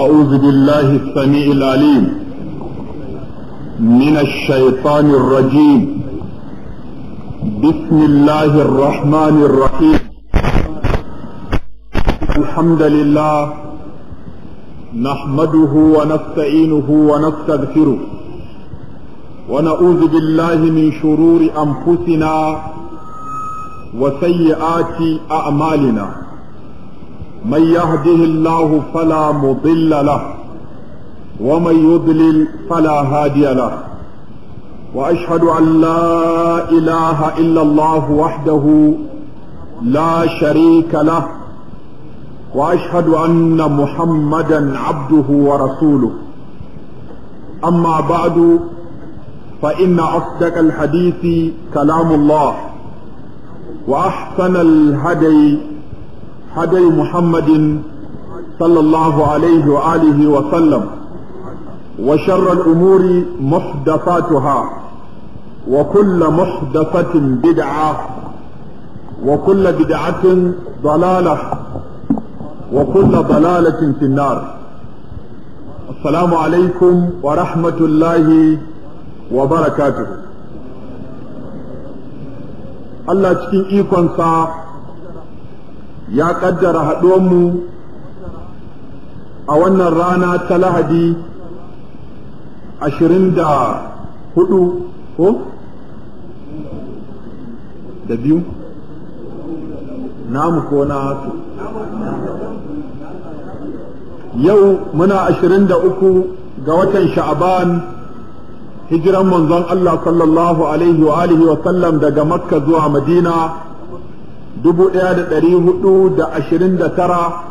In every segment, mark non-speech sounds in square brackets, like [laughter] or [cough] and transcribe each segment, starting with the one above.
أعوذ بالله السميع العليم من الشيطان الرجيم بسم الله الرحمن الرحيم الحمد لله نحمده ونستعينه ونستغفره ونعوذ بالله من شرور أنفسنا وسيئات أعمالنا من يهده الله فلا مضل له ومن يضلل فلا هادي له واشهد ان لا اله الا الله وحده لا شريك له واشهد ان محمدا عبده ورسوله اما بعد فان اصدق الحديث كلام الله واحسن الهدي هدي محمد صلى الله عليه وآله وسلم وشر الأمور محدثاتها وكل محدثة بدعة وكل بدعة ضلالة وكل ضلالة في النار السلام عليكم ورحمة الله وبركاته Allah cikin ikonsa ya kaddara mu a wannan rana ta lahadi ashirin da hudu ko da biyu namu ko na su yau muna ashirin da uku ga watan sha'aban hijiran manzon Allah sallallahu alaihi wa alihi wa sallam daga makka zuwa madina dubu ɗaya da ɗari hudu da ashirin da tara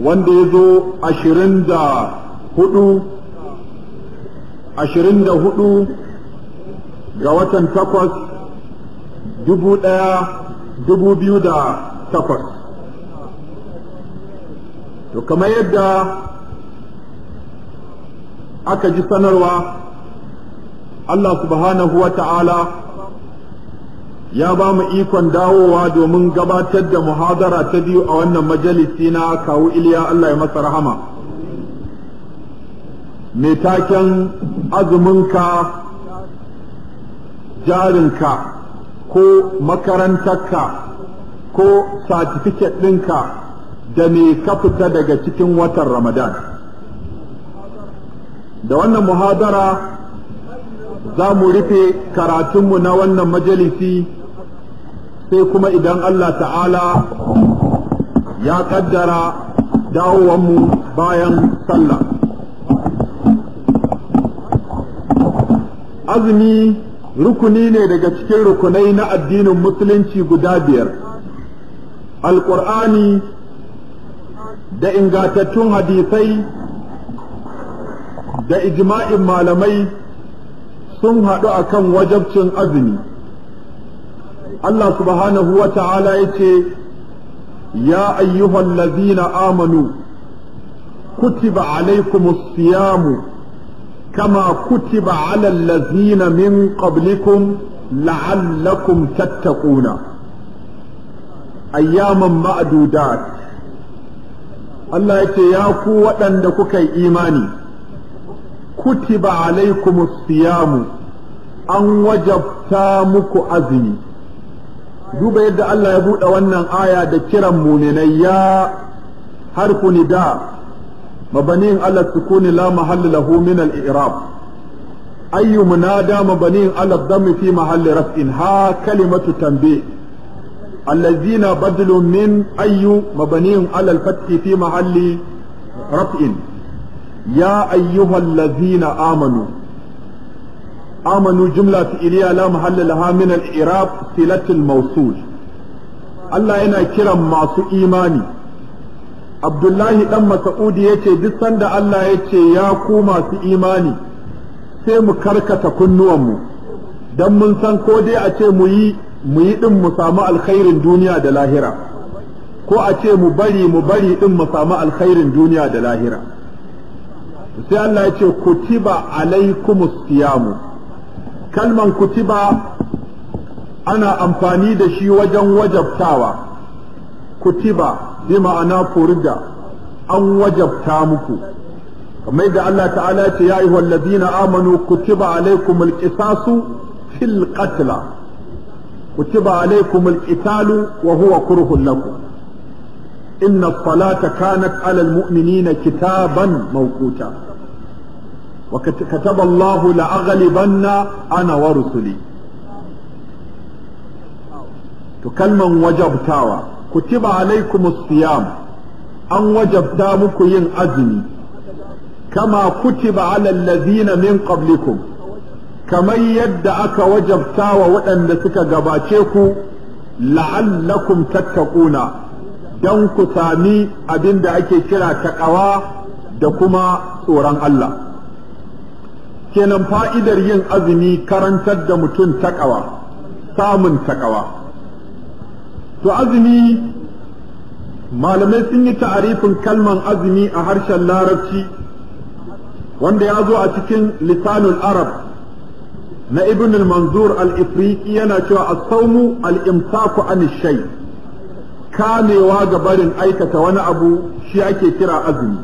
wanda ya zo ashirin da hudu ashirin da hudu ga watan takwas dubu ɗaya dubu biyu da takwas to kamar yadda aka ji sanarwa Allah subhanahu wa ta'ala ya ba mu ikon dawowa domin gabatar da muhadara ta biyu a wannan majalisi na kawu Iliya Allah ya masa rahama mai taken azuminka jarinka ko makarantarka ko satifiket ɗinka da me ka fita daga cikin watan ramadan da wannan muhadara za mu rufe karatunmu na wannan majalisi sai kuma idan Allah ta'ala ya kaddara dawowanmu bayan sallah azumi rukuni ne daga cikin rukunai na addinin musulunci guda biyar alƙur'ani da ingantattun hadisai da ijma'in malamai sun haɗu akan wajabcin azumi Allah subhanahu wa ta'ala ya ce, Ya ayyuhan lazina amanu, kutiba alaikum siyamu kama kutiba alal lazina min qablikum la'allakum tattaquna. Ayyaman ma'adudat Allah ya ce, Ya ku waɗanda kuka yi imani, kutiba alaikum siyamu an wajabta muku azumi. duba yadda Allah ya buɗe wannan aya da kiran muminai ya harfu nida mabaniin ala sukuni la mahalla lahu min al i'rab ayyu munada mabaniin ala dhammi fi mahalli raf'in ha kalimatu tanbih الذين بدلوا من أي مبني على الفتح في محل رفع يا أيها الذين amanu. amanu jumla fi'iliya la mahalla laha min irab silatul mawsul Allah yana kiran masu imani Abdullahi dan Mas'udi yace duk sanda Allah yace ya ku masu imani sai mu karkata kunnuwan mu. dan mun san ko dai a ce mu yi mu yi din mu samu alkhairin duniya da lahira ko a ce mu bari mu bari din mu samu alkhairin duniya da lahira sai Allah ya ce kutiba alaikumus mu. kalman kutiba ana amfani da shi wajen wajabtawa kutiba bi ma'ana furida an wajabta muku kamar da Allah ta'ala ce ya ayyuhal ladina amanu kutiba alaikumul qisasu fil qatla kutiba alaikumul qitalu wa huwa kurhun lakum inna as-salata kanat 'alal mu'minina kitaban mawquta wa kataba Allahu la'aghlibanna ana wa rusuli to kalman wajabtawa kutiba alaikum siyam an wajabta muku yin azumi kama kutiba ala allazina min qablikum kamar yadda aka wajabta wa waɗanda suka gabace ku la'allakum tattaƙuna dan ku sami abin da ake kira ta ƙawa da kuma tsoron Allah kenan fa'idar yin azumi karantar da mutum takawa samun takawa to azumi malamai sun yi ta'arifin kalman azumi a harshen larabci wanda ya zo a cikin lisanul arab na ibn al-manzur al-ifriqi yana cewa as-sawmu al-imsaku an shay kamewa ga barin aikata wani abu shi ake kira azumi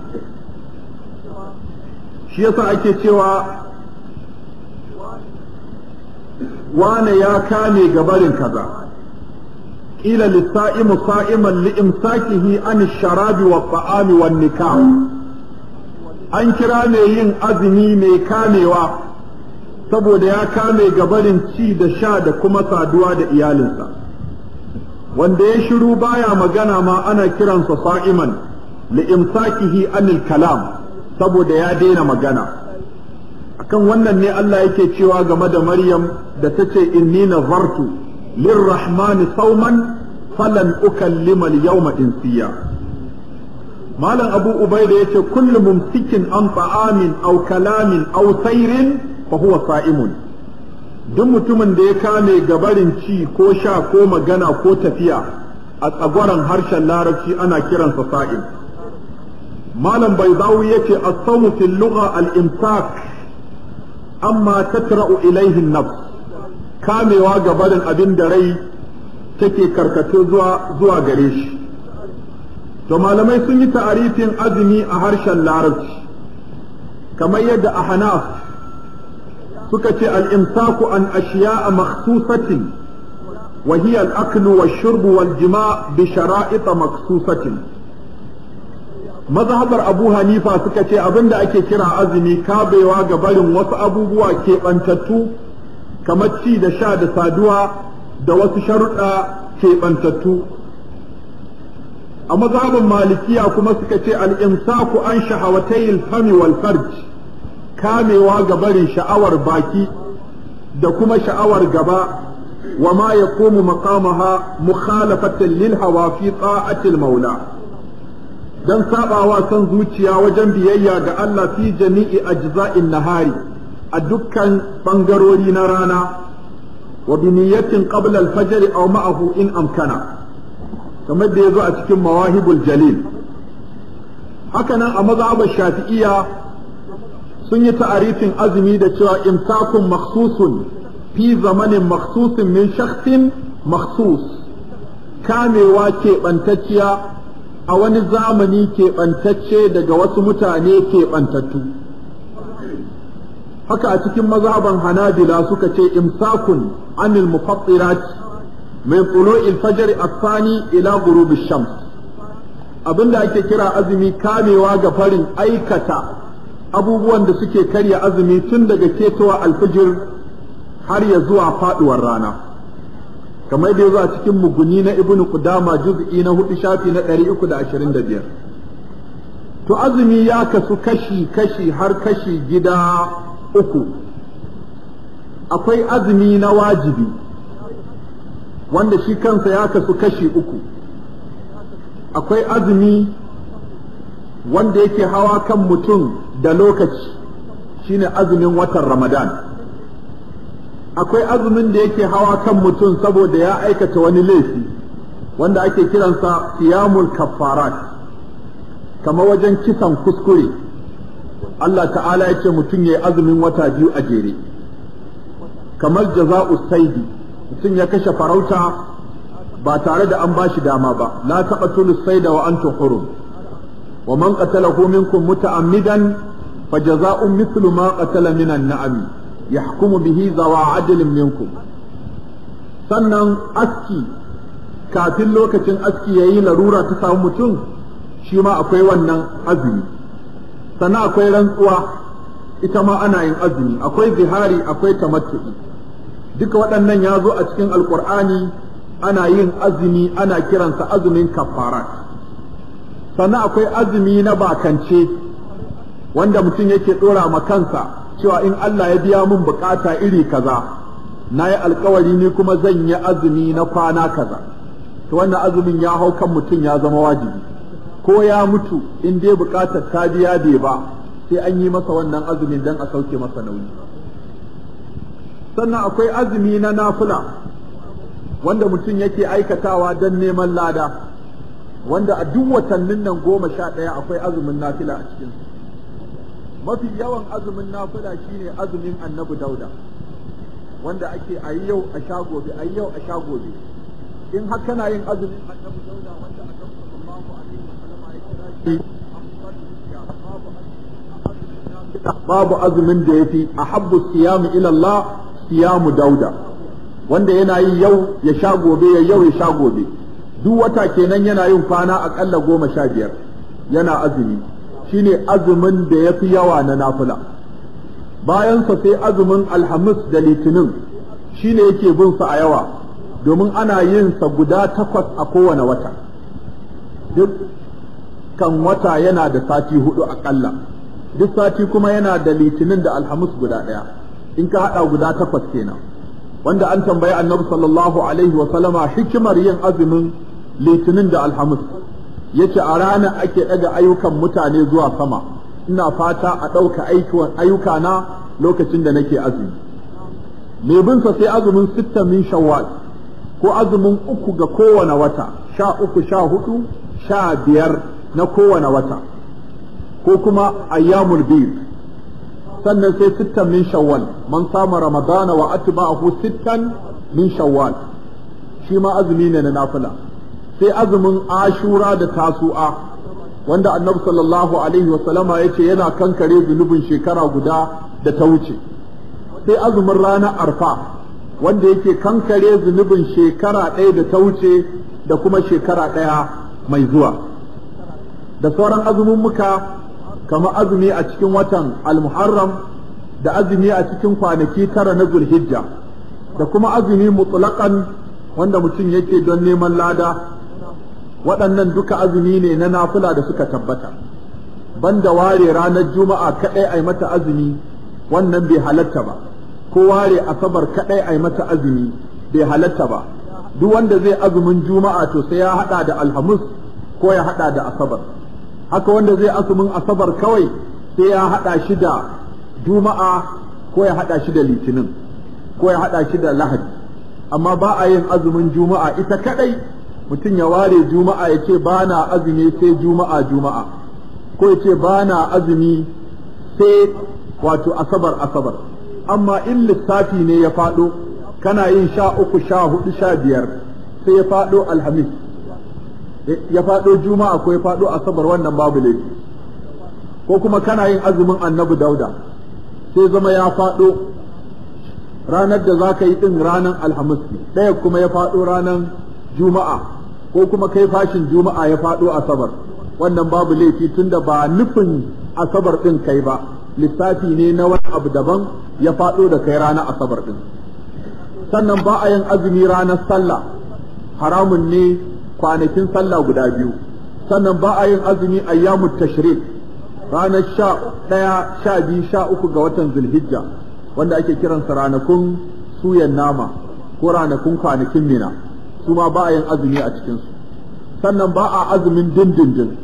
shi yasa ake cewa wane ya kame gabarin kaza ƙila lissa'imu sa'iman li'imsakihi an sharabi wa ta'ami wa nikah an kira mai yin azumi mai kamewa saboda ya kame gabarin ci da sha da kuma saduwa da iyalinsa wanda ya shiru baya magana ma ana kiransa sa'iman li'imsakihi anil kalam saboda ya daina magana kan wannan ne Allah yake cewa game da Maryam da ta ce inni nazartu lirrahmani sauman falan ukallima al-yawma insiya malam abu ubaida yace kullu mumsikin an ta'amin aw kalamin aw sayrin fa huwa sa'imun duk mutumin da ya kame gabarin ci ko sha ko magana ko tafiya a tsagwaron harshen larabci ana kiransa sa'im malam Baizau yace as-sawmu fil lugha al-imsak amma tatra'u ilaihin nafs kamewa ga barin abin da rai take karkato zuwa zuwa gare shi to malamai sun yi ta'arifin azumi a harshen larabci kamar yadda a hanaf suka ce al-imsaku an ashiya makhsusatin wa hiya al-aklu wa shurbu wal-jima' bi shara'ita makhsusatin mazhabar abu hanifa suka ce abinda ake kira azumi kabewa ga barin wasu abubuwa keɓantattu kamar ci da sha da saduwa da wasu sharuɗa keɓantattu a mazhabin malikiya kuma suka ce al'imsaku an shahawatayil fami wal farj kamewa ga barin sha'awar baki da kuma sha'awar gaba wa ma yaqumu maqamaha mukhalafatan lil hawa fi ta'atil maula Don sabawa son zuciya wajen biyayya ga Allah fi jami'i ajza'in nahari a dukkan bangarori na rana wa bi niyyatin qabla al-fajr aw ma'ahu in amkana kamar da yazo a cikin mawahibul jalil haka nan a mazhabar shafi'iyya sun yi ta'arifin azumi da cewa imsakun makhsusun fi zamanin makhsusin min shakhsin makhsus kamewa keɓantacciya a wani zamani keɓantacce daga wasu mutane keɓantattu haka a cikin mazaban hanabila suka ce imsakun anil mufattirat min tulu'il fajr athani ila ghurub shams abinda ake kira azumi kamewa ga farin aikata abubuwan da suke karya azumi tun daga ketowa alfijir har ya zuwa faduwar rana kamar da zo a cikin muguni na ibnu qudama juz'i na hudu shafi na 325 to azumi ya kasu kashi kashi har kashi gida uku akwai azumi na wajibi wanda shi kansa ya kasu kashi uku akwai azumi wanda yake hawa kan mutum da lokaci shine azumin watan ramadan akwai azumin da yake hawa kan mutum saboda ya aikata wani laifi wanda ake kiransa siyamul kafarat kamar wajen kisan kuskure Allah ta'ala ya ce mutum ya yi azumin wata biyu a jere kamar jaza'u saidi mutum ya kashe farauta ba tare da an bashi dama ba la tulu, saida wa antu hurum wa man qatalahu minkum muta'ammidan jaza'u mithlu ma qatala minan na'ami yahkumu bihi zawa adlin minkum sannan aski kafin lokacin aski yayi larura ta samu mutum shi ma akwai wannan azumi sannan akwai rantsuwa ita ma ana yin azumi akwai zihari akwai tamattu'i duka waɗannan ya zo a cikin alkur'ani ana yin azumi ana kiransa azumin kafara sannan akwai azumi na bakance wanda mutum yake ɗora ma kansa cewa in Allah ya biya mun bukata iri kaza na yi alkawari ne kuma zan yi azumi na kwana kaza to wannan azumin ya hau kan mutum ya zama wajibi ko ya mutu in dai bukatar ta biya bai ba sai an yi masa wannan azumin dan a sauke masa nauyi sannan akwai azumi na nafila wanda mutum yake aikatawa don neman lada wanda a duk watannin nan goma sha ɗaya akwai azumin nafila a cikinsu mafi yawan azumin nafila shine azumin annabi dauda wanda ake a yi yau a sha gobe a yi yau a sha gobe in har kana yin azumin annabi dauda wanda a kan sallallahu alaihi wasallam ya kira shi babu azumin da ya yafi ahabbu siyamu ila Allah siyamu dauda wanda yana yi yau ya sha gobe ya yau ya sha gobe duk wata kenan yana yin kwana aƙalla goma sha biyar yana azumi shine azumin da ya fi yawa na nafula bayansa sai azumin alhamis da litinin shine yake bin sa a yawa domin ana yin sa guda takwas a kowane wata duk kan wata yana da sati hudu akalla duk sati kuma yana da litinin da alhamis guda daya in ka hada guda takwas kenan wanda an tambayi annabi sallallahu alaihi wa sallama hikimar yin azumin litinin da alhamis yake a ranar ake ɗaga ayyukan mutane zuwa sama ina fata a ɗauka ayyuka na lokacin da nake azumi Me bin sai azumin sitta min shawwal ko azumin uku ga kowane wata sha uku sha hudu sha biyar na kowane wata ko kuma ayyamul biyu sannan sai sittan min shawwal man sama ramadana wa atba'ahu sittan min shawwal shi ma azumi ne na nafila sai azumin ashura da tasu'a wanda annabi sallallahu alaihi wasallama ya ce yana kankare zunubin shekara guda da ta wuce sai azumin ranar arfa wanda yake kankare zunubin shekara ɗaya da ta wuce da kuma shekara ɗaya mai zuwa da sauran azumin muka kama azumi a cikin watan almuharram da azumi a cikin kwanaki tara na zulhijja da kuma azumi mutlaqan wanda mutum yake don neman lada waɗannan duka azumi ne na nafula da suka tabbata banda ware ranar juma'a kaɗai ai mata azumi wannan bai halatta ba ko ware asabar kaɗai ai mata azumi bai halatta ba duk wanda zai azumin juma'a to sai ya haɗa da alhamis ko ya haɗa da asabar haka wanda zai azumin asabar kawai sai ya haɗa shi da juma'a ko ya haɗa shi da litinin ko ya haɗa shi da lahadi amma ba a yin azumin juma'a ita kaɗai mutum ya ware juma'a ya ce ba na azumi sai juma'a juma'a ko ya ce ba na azumi sai wato asabar asabar amma in lissafi ne ya faɗo kana yin sha uku sha hudu sha biyar sai ya faɗo alhamis ya faɗo juma'a ko ya faɗo asabar wannan babu laifi ko kuma kana yin azumin annabi dauda sai zama ya faɗo ranar da za ka yi ɗin ranar alhamis ne ɗaya kuma ya faɗo ranar juma'a ko kuma kai fashin juma'a ya faɗo asabar wannan babu laifi tunda ba nufin asabar ɗin kai ba lissafi ne na wani abu daban ya faɗo da kai rana asabar ɗin sannan ba a yin azumi ranar sallah haramun ne kwanakin sallah guda biyu sannan ba a yin azumi ayyamut tashrik ranar sha ɗaya sha biyu sha uku ga watan zulhijja wanda ake kiransa ranakun suyan nama ko ranakun kwanakin mina su ba a yin azumi a cikinsu sannan ba a azumin dindindin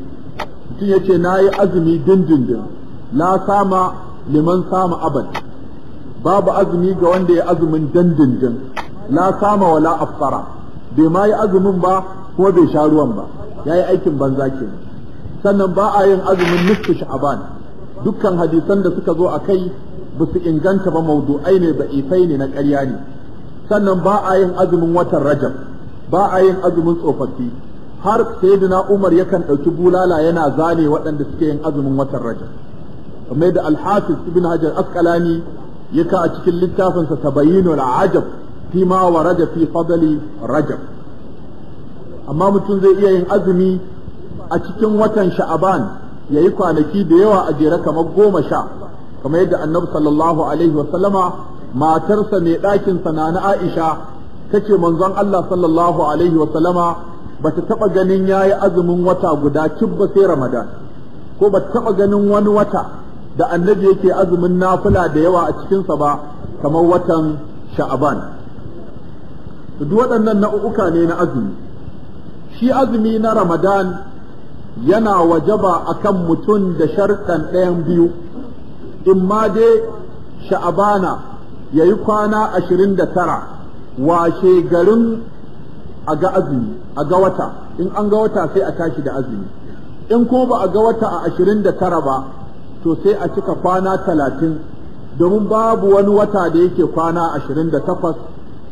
mutum ya ce na yi azumi dindindin la sama liman sama abad babu azumi ga wanda ya azumin dindindin la sama wala afsara bai ma yi azumin ba ko bai sha ruwan ba ya yi aikin banza ke sannan ba a yin azumin nisfu sha'aban dukkan hadisan da suka zo a kai ba su inganta ba maudu'ai ne ba ifai ne na ƙarya ne sannan ba a yin azumin watan rajab ba a yin azumin tsofaffi har sayyidina Umar yakan ɗauki bulala yana zane waɗanda suke yin azumin watan Rajab kamar da Al-Hafiz Ibn Hajar Asqalani yaka a cikin littafinsa Tabayyinul Ajab fi ma warada fi fadli Rajab amma mutum zai iya yin azumi a cikin watan Sha'aban yayi kwanaki da yawa a jere kamar goma sha kamar yadda Annabi sallallahu alaihi matarsa mai ɗakin na na Aisha kace manzon Allah sallallahu alaihi wa sallama bata taba ganin yayi azumin wata guda kibba sai Ramadan ko bata taba ganin wani wata da annabi yake azumin nafila da yawa a cikin sa ba kamar watan Sha'aban duk waɗannan nau'uka ne na azumi shi azumi na Ramadan yana wajaba akan mutum da sharɗan ɗayan biyu in ma dai sha'abana ya yi kwana ashirin da tara washe garin a ga azumi a ga wata in an ga wata sai a tashi da azumi in ko ba a ga wata a ashirin da tara ba to sai a cika kwana talatin domin babu wani wata da yake kwana ashirin da takwas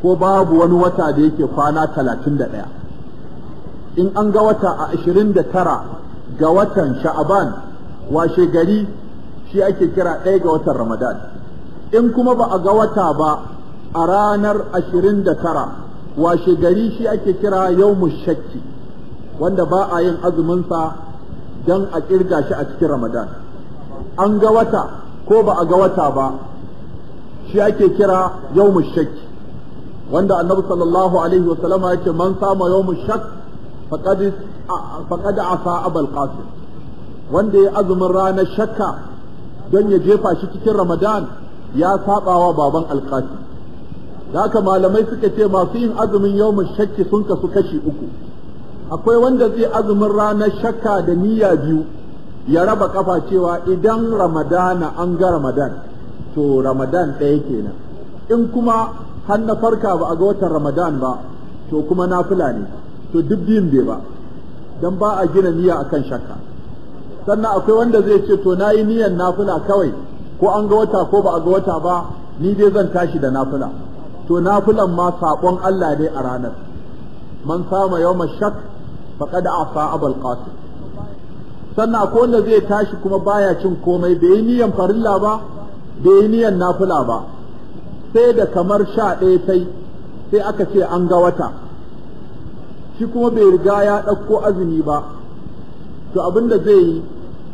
ko babu wani wata da yake kwana talatin da ɗaya in an ga wata a ashirin da tara ga watan sha'aban washe gari shi ake kira ɗaya ga watan ramadan in kuma ba a ga wata ba a ranar ashirin da tara washe gari shi ake kira yawmu shakki wanda ba a yin azuminsa don a kirga shi a cikin ramadan an ga wata ko ba a ga wata ba shi ake kira yau shakki wanda annabi sallallahu alaihi wasallama ya man sama yawmu shak faqad asa abul qasim wanda ya azumin ranar shakka don ya jefa shi cikin ramadan ya saɓawa baban alqasim da haka malamai suka ce masu yin azumin yawmin shakki sun kasu kashi uku akwai wanda zai azumin ranar shakka da niyya biyu ya raba kafa cewa idan ramadana an ga ramadan to ramadan ɗaya kenan in kuma har na farka ba a ga watan ramadan ba to kuma nafila ne to duk biyun bai ba dan ba a gina niyya akan shakka sannan akwai wanda zai ce to na yi niyyar nafula kawai ko an ga wata ko ba a ga wata ba ni dai zan tashi da nafila to nafilan ma saƙon Allah ne a ranar man sama ma shak faqad asa abul qasim sannan akwai wanda zai tashi kuma baya cin komai bai yi niyan farilla ba bai yi niyan nafila ba sai da kamar sha ɗaya sai, sai aka ce an ga wata shi kuma bai riga ya ɗauko azumi ba to abinda zai yi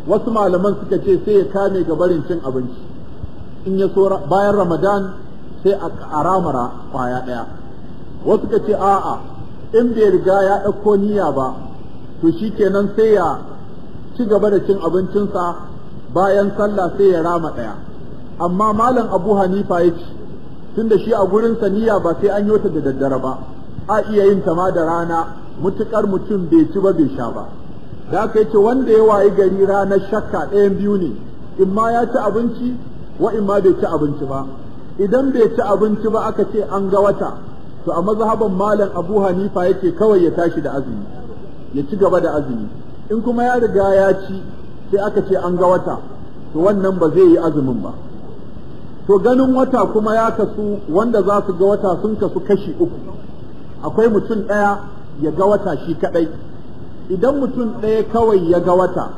wasu malaman suka ce sai ya kame ga barin cin abinci in ya so bayan ramadan sai a karamara kwaya daya wasu ka ce a'a in bai riga ya ɗauko niyya ba to shi kenan sai ya ci gaba da cin abincinsa bayan sallah sai ya rama ɗaya amma malam abu hanifa ya ce da shi a gurinsa niyya ba sai an yota da daddare ba a iya yin ta ma da rana mutukar mutum bai ci ba bai sha ba da aka yace wanda ya wayi gari ranar shakka ɗayan biyu ne in ma ya ci abinci wa in ma bai ci abinci ba idan bai ci abinci ba aka ce an ga wata to a mazhaban malam Abu Hanifa yake kawai ya tashi da azumi ya ci gaba da azumi in kuma ya riga ya ci sai aka ce an ga wata to wannan ba zai yi azumin ba to ganin wata kuma ya kasu wanda za su ga wata sun kasu kashi uku akwai mutum ɗaya ya ga wata shi kaɗai idan mutum ɗaya kawai ya ga wata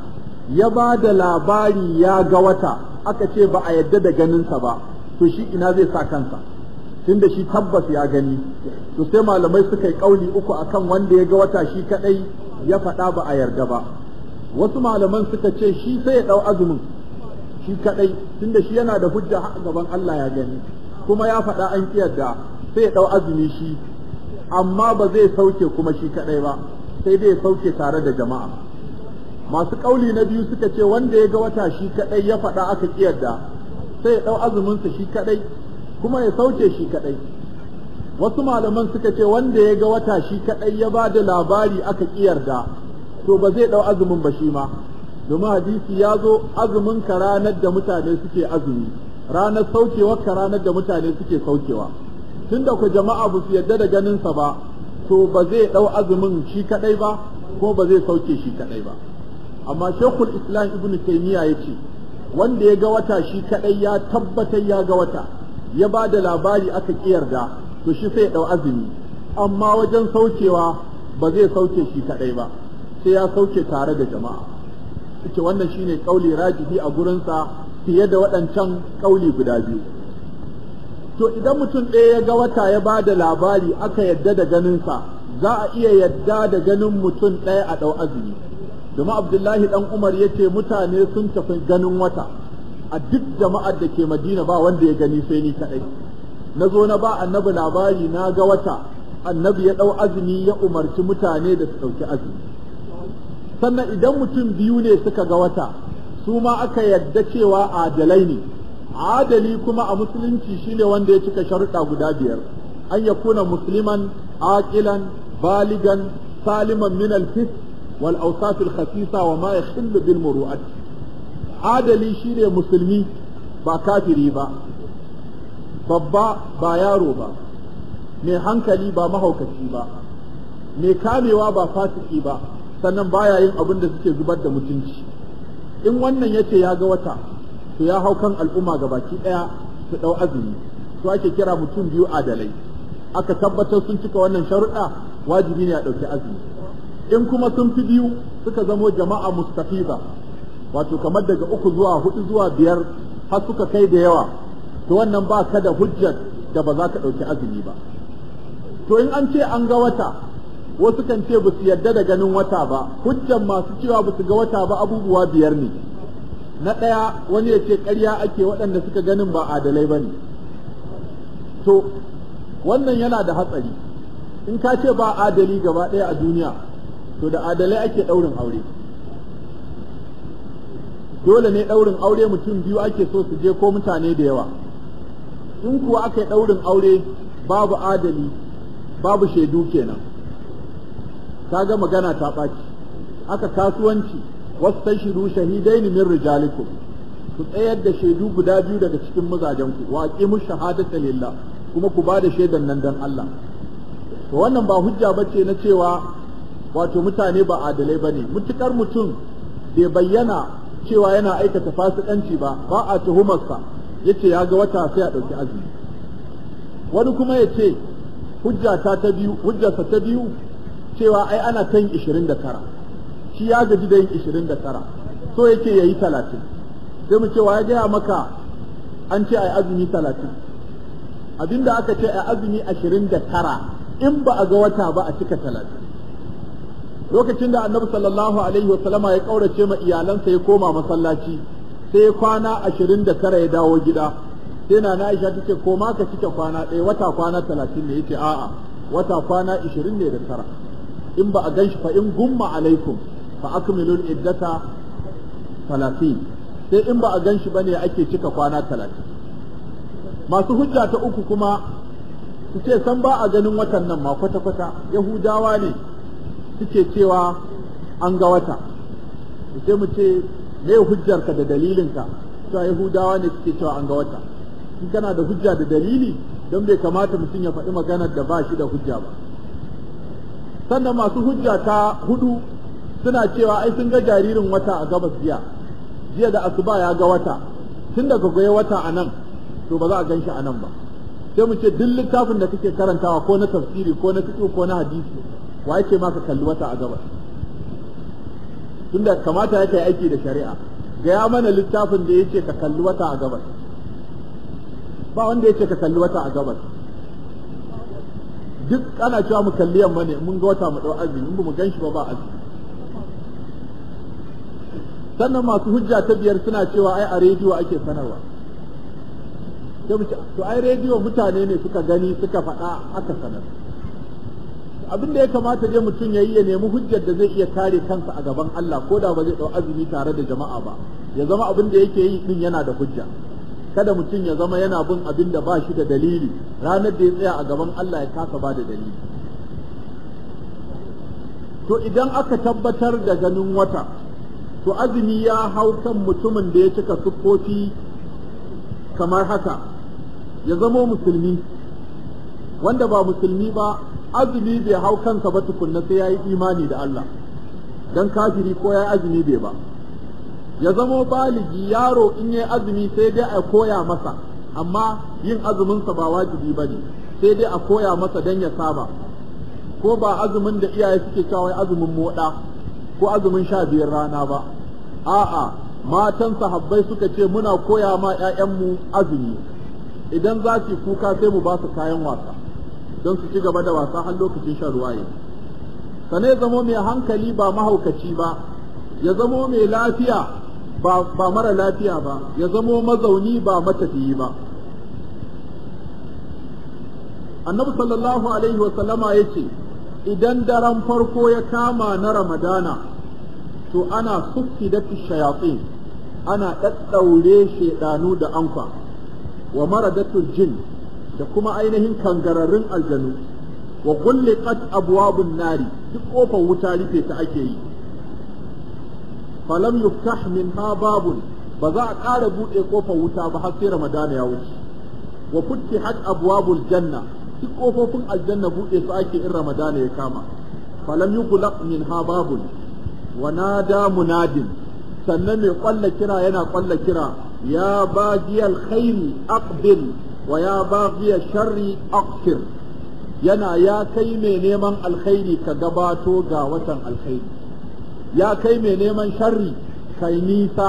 ya ba da labari ya ga wata aka ce ba a yadda da ganinsa ba to shi ina zai sa kansa tun da shi tabbas ya gani to sai malamai suka yi kauli uku akan wanda ya ga wata shi kadai ya faɗa ba a yarda ba wasu malaman suka ce shi sai ya dau azumin shi kadai da shi yana da hujja a gaban Allah ya gani kuma ya faɗa an kiyarda sai ya dau azumi shi amma ba zai sauke kuma shi kadai ba sai dai ya sauke tare da jama'a masu kauli na biyu suka ce wanda ya ga wata shi kadai ya faɗa aka kiyarda sai ya ɗau azuminsa shi kaɗai kuma ya sauke shi kaɗai wasu malaman suka ce wanda ya ga wata shi kaɗai ya ba da labari aka da to ba zai ɗau azumin ba shi ma domin hadisi ya zo azumin ka ranar da mutane suke azumi ranar saukewa ka ranar da mutane suke saukewa tunda ku jama'a ba su yarda da ganinsa ba to ba zai ɗau azumin shi kaɗai ba ko ba zai sauke shi kaɗai ba amma shekul islam ibnu ya ce. wanda ya ga wata shi kadai ya tabbatar ya ga wata ya ba da labari aka kiyarda to shi sai dau azumi amma wajen saukewa ba zai sauke shi kadai ba sai ya sauke tare da jama'a ce wannan shine kauli rajihi a gurinsa fiye da waɗancan kauli guda biyu to idan mutum ɗaya ya ga wata ya ba da labari aka yadda da ganinsa za a iya yadda da ganin mutum ɗaya a ɗau azumi domin abdullahi dan umar ya ce mutane sun tafi ganin wata a duk jama'ar da ke madina ba wanda ya gani sai ni kaɗai na zo na ba annabi labari na ga wata annabi ya ɗau azumi ya umarci mutane da su ɗauki azumi sannan idan mutum biyu ne suka ga wata su ma aka yadda cewa adalai ne adali kuma a musulunci shine wanda ya cika sharuɗa guda biyar an yakuna musliman Aƙilan, baligan saliman min Fis. wal awsatul khafisa wa ma yakhillu bil muru'at adali shine musulmi ba kafiri ba babba ba yaro ba mai hankali ba mahaukaci ba mai kamewa ba fasiki ba sannan baya yin abin da suke zubar da mutunci in wannan ce ya ga wata to ya hau kan al'umma ga baki daya su dau azumi to ake kira mutum biyu adalai aka tabbatar sun cika wannan sharuɗa wajibi ne a ɗauki azumi in kuma sun fi biyu suka zamo jama'a mustafiza wato kamar daga uku zuwa hudu zuwa biyar har suka kai da yawa to wannan ba ka da hujjar da ba za ka ɗauki azumi ba to in an ce an ga wata wasu kan ce ba su yarda da ganin wata ba hujjan masu cewa ba su ga wata ba abubuwa biyar ne na ɗaya wani ya ce ƙarya ake waɗanda suka ganin ba adalai ba ne to wannan yana da hatsari in ka ce ba adali gaba ɗaya a duniya to da adalai ake ɗaurin aure dole ne ɗaurin aure mutum biyu ake so su je ko mutane da yawa in kuwa aka yi ɗaurin aure babu adali babu shaidu kenan kaga magana ta ɓaci aka kasuwanci wasu wastashidu shahidaini min rijaliku, ku tsayar da shaidu guda biyu daga cikin mazajen ku. wa aqimu shahadata lillah kuma ku ba da shaidan nan dan Allah to wannan ba hujja bace na cewa wato mutane ba adalai ba ne mutukar mutum bai bayyana cewa yana aikata fasikanci ba ba a tuhumarsa ya ce ya ga wata sai a ɗauki azumi wani kuma ya ce hujjata ta biyu hujjarsa ta biyu cewa ai ana ta yin ishirin da tara shi ya gaji da yin ishirin da tara so yake ya yi talatin sai mu cewa ya gaya maka an ce ai azumi talatin abinda aka ce ai azumi ashirin da tara in ba a ga wata ba a cika talatin lokacin da annabi sallallahu alaihi wa sallama ya kaurace ma iyalansa ya koma masallaci sai kwana ashirin da tara ya dawo gida sai na na ta ce ko ma ka cike kwana ɗaya wata kwana talatin ne Ya ce a'a wata kwana ashirin ne da tara in ba a gan shi fa in gumma alaikum fa akmilul iddata talatin sai in ba a gan ganshi bane ake cika kwana talatin masu hujja ta uku kuma su ce san ba a ganin watan nan ma kwata-kwata yahudawa ne suke cewa an ga wata sai mu ce me hujjarka da dalilinka cewa yahudawa ne suke cewa an ga wata in kana da hujja da dalili don bai kamata mutum ya faɗi maganar da ba shi da hujja ba sannan masu hujja ta hudu suna cewa ai sun ga jaririn wata a gabas jiya jiya da asuba ya ga wata tun daga goye wata a nan to ba za a gan shi a nan ba sai mu ce duk littafin da kake karantawa ko na tafsiri ko na fito ko na hadisi wa yake ma ka kalli wata a gabas tunda kamata yake aiki da shari'a gaya mana littafin da yake ka kalli wata a gabas ba wanda yake ka kalli wata a gabas duk ana cewa mu kalli yamma ne mun ga wata mu dau azumi in mu ganshi ba ba azumi sannan masu hujja ta biyar suna cewa ai a rediyo ake sanarwa to ai rediyo mutane ne suka gani suka faɗa aka sanar abin da ya kamata dai mutum ya yi ya nemi hujjar da zai iya kare kansa a gaban Allah ko da ba zai ɗau azumi tare da jama'a ba ya zama abin da yake yi din yana da hujja kada mutum ya zama yana bin abin da ba shi da dalili ranar da ya tsaya a gaban Allah ya kasa ba da dalili to idan aka tabbatar da ganin wata to azumi ya hau kan mutumin da ya cika siffofi kamar haka ya zama musulmi wanda ba musulmi ba azumi bai hau kansa ba tukunna sai ya yi imani da Allah dan kafiri ko ya azumi bai ba ya zamo baligi yaro in yi azumi sai dai a koya masa amma yin azuminsa ba wajibi ba ne sai dai a koya masa dan ya saba ko ba azumin da iyaye suke cewa azumin moda ko azumin sha biyar rana ba a'a matan sahabbai suka ce muna koya ma 'ya'yanmu azumi idan za su kuka sai mu ba su kayan wasa don su ci gaba da wasa har lokacin shan ruwa ya zamo mai hankali ba mahaukaci ba ya zamo mai lafiya ba mara lafiya ba ya zamo mazauni ba matafiyi ba annabi sallallahu alaihi wasallama ya ce idan daren farko ya kama na ramadana to ana suffidatu shayatin ana ɗaɗɗaure shaidanu da anfa wa maradatu jin da kuma ainihin kangararrun aljanu wa ghulqat abwabun nari duk kofar wuta rufe ta ake yi falam yuftah ma babun ba za a ƙara buɗe kofar wuta ba har sai ramadana ya wuce wa futtihat abwabul janna duk kofofin aljanna buɗe su ake in ramadana ya kama falam yughlaq minha babun wa nada munadin sannan mai kwalla kira yana kwalla kira ya bajiyal khairi aqbil wa ya baghiya sharri aqsir yana ya kai mai neman alkhairi ka gabato ga watan alkhairi ya kai mai neman sharri kai nisa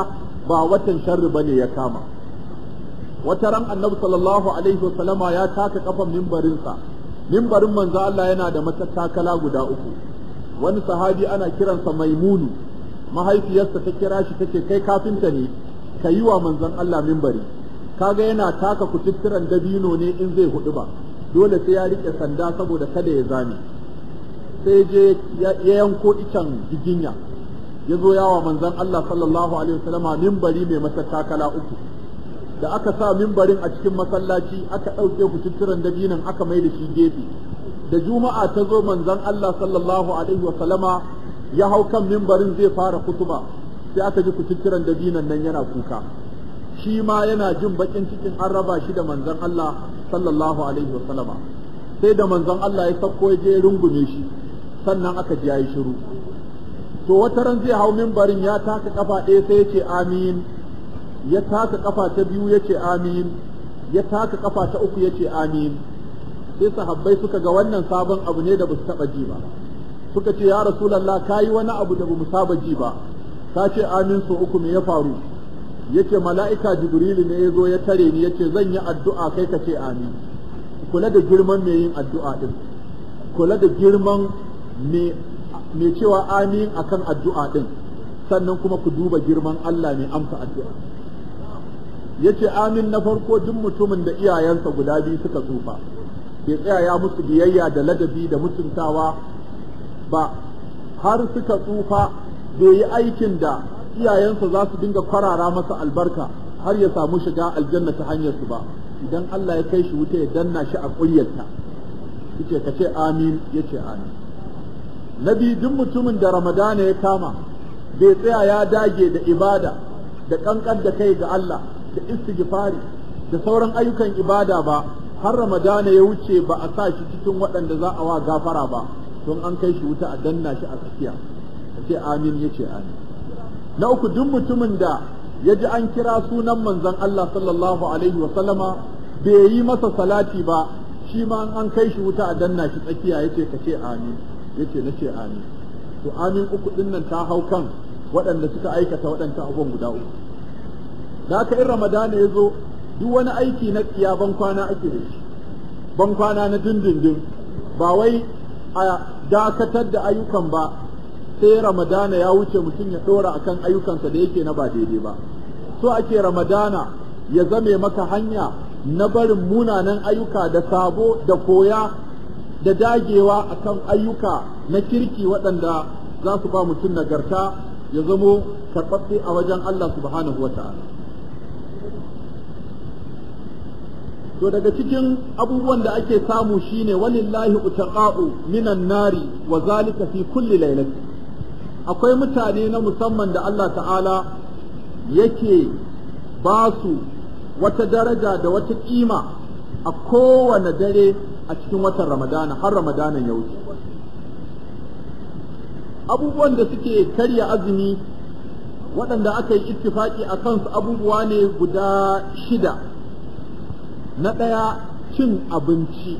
ba watan sharri bane ya kama wata ran annabi sallallahu alaihi wasallama ya taka kafan mimbarinsa mimbarin manzo Allah yana da matattakala guda uku wani sahabi ana kiransa maimunu mahaifiyarsa ta kira shi take kai kafinta ne ka yi wa manzon Allah mimbari kaga yana taka kututturan dabino ne in zai hudu ba dole sai ya rike sanda saboda kada ya zame sai je ya yanko icen jijinya ya zo yawa manzon Allah sallallahu alaihi wasallama mimbari mai masa takala uku da aka sa mimbarin a cikin masallaci aka ɗauke kututturan dabinon aka mai da shi gefe da juma'a ta zo manzon Allah sallallahu alaihi wasallama ya hau kan mimbarin zai fara kutuba sai aka ji kututturan dabinon nan yana kuka shi ma yana jin bakin cikin an raba shi da manzon Allah sallallahu alaihi wasallama sai da manzon Allah ya sauko ya je rungume shi sannan aka ji yayi shiru to wata ran zai hau mimbarin ya taka kafa ɗaya sai yace amin ya taka kafa ta biyu yace amin ya taka kafa ta uku yace amin sai sahabbai suka ga wannan sabon abu ne da ba su taba ji ba suka ce ya rasulullah kayi wani abu da ba mu saba ji ba ka ce amin so uku me ya faru yace mala'ika jibrilu ne yazo ya tare ni yace zan yi addu'a kai ka ce amin kula da girman mai yin addu'a din kula da girman mai cewa amin akan addu'a din sannan kuma ku duba girman Allah ne amsa addu'a yace amin na farko duk mutumin da iyayensa guda biyu suka tsufa bai tsaya ya musu biyayya da ladabi da mutuntawa ba har suka tsufa bai yi aikin da iyayensa za su dinga kwarara masa albarka har ya samu shiga aljanna ta hanyar su ba idan Allah ya kai shi wuta ya danna shi a ƙuryarta yace ka ce amin yace amin nabi duk mutumin da ramadana ya kama bai tsaya ya dage da ibada da kankan da kai ga Allah da istighfari da sauran ayyukan ibada ba har ramadana ya wuce ba a sa shi cikin waɗanda za a wa gafara ba don an kai shi wuta a danna shi a tsakiya ce amin yace amin na uku duk mutumin da ya ji an kira sunan manzon Allah sallallahu alaihi wa sallama bai yi masa salati ba shi ma an kai shi wuta a danna shi tsakiya ce ka ce amin ce na ce amin to amin uku din nan ta hau kan waɗanda suka aikata waɗanta abubuwan guda uku da aka in ramadana ya zo duk wani aiki na tsiya ban kwana ake da shi ban kwana na dindindin ba wai a dakatar da ayyukan ba sai ramadana ya wuce mutum ya ɗora akan ayyukansa da yake na ba daidai ba so ake ramadana ya zame maka hanya na barin munanan ayyuka da sabo da koya da dagewa akan ayyuka na kirki waɗanda za su ba mutum nagarta ya zamo karɓaɓɓe a wajen Allah subhanahu wa ta'ala to daga cikin abubuwan da ake samu shine walillahi utaqa'u minan nari wa zalika fi kulli laylatin akwai mutane na musamman da Allah ta'ala yake ba su wata daraja da wata kima a kowane dare a cikin watan ramadana har Ramadana ya wuce abubuwan da suke karya azumi waɗanda aka yi ittifaki a kansu abubuwa ne guda shida na ɗaya cin abinci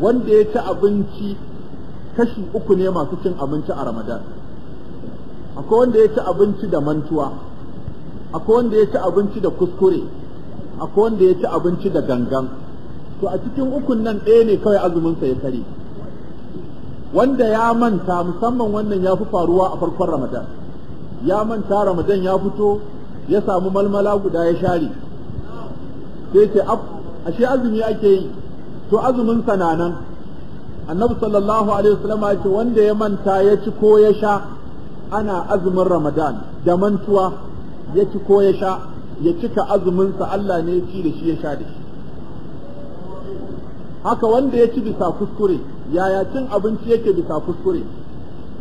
wanda ya ci abinci kashi uku ne masu cin abinci a ramadan akwai wanda ya ci abinci da mantuwa akwai wanda ya ci abinci da kuskure akwai wanda ya ci abinci da gangan to a cikin ukun nan ɗaya ne kawai azuminsa ya kare wanda ya manta musamman wannan ya fi faruwa a farkon ramadan ya manta ramadan ya fito ya samu malmala guda ya share sai ce ashe azumi ake yi to azumin na nan annabi sallallahu alaihi wasallam ya ce wanda ya manta ya ci ko ya sha ana azumin ramadan da mantuwa ya ci ko ya sha ya cika azuminsa Allah ne ya ci da shi ya sha da shi haka wanda ya ci bisa kuskure yaya cin abinci yake bisa kuskure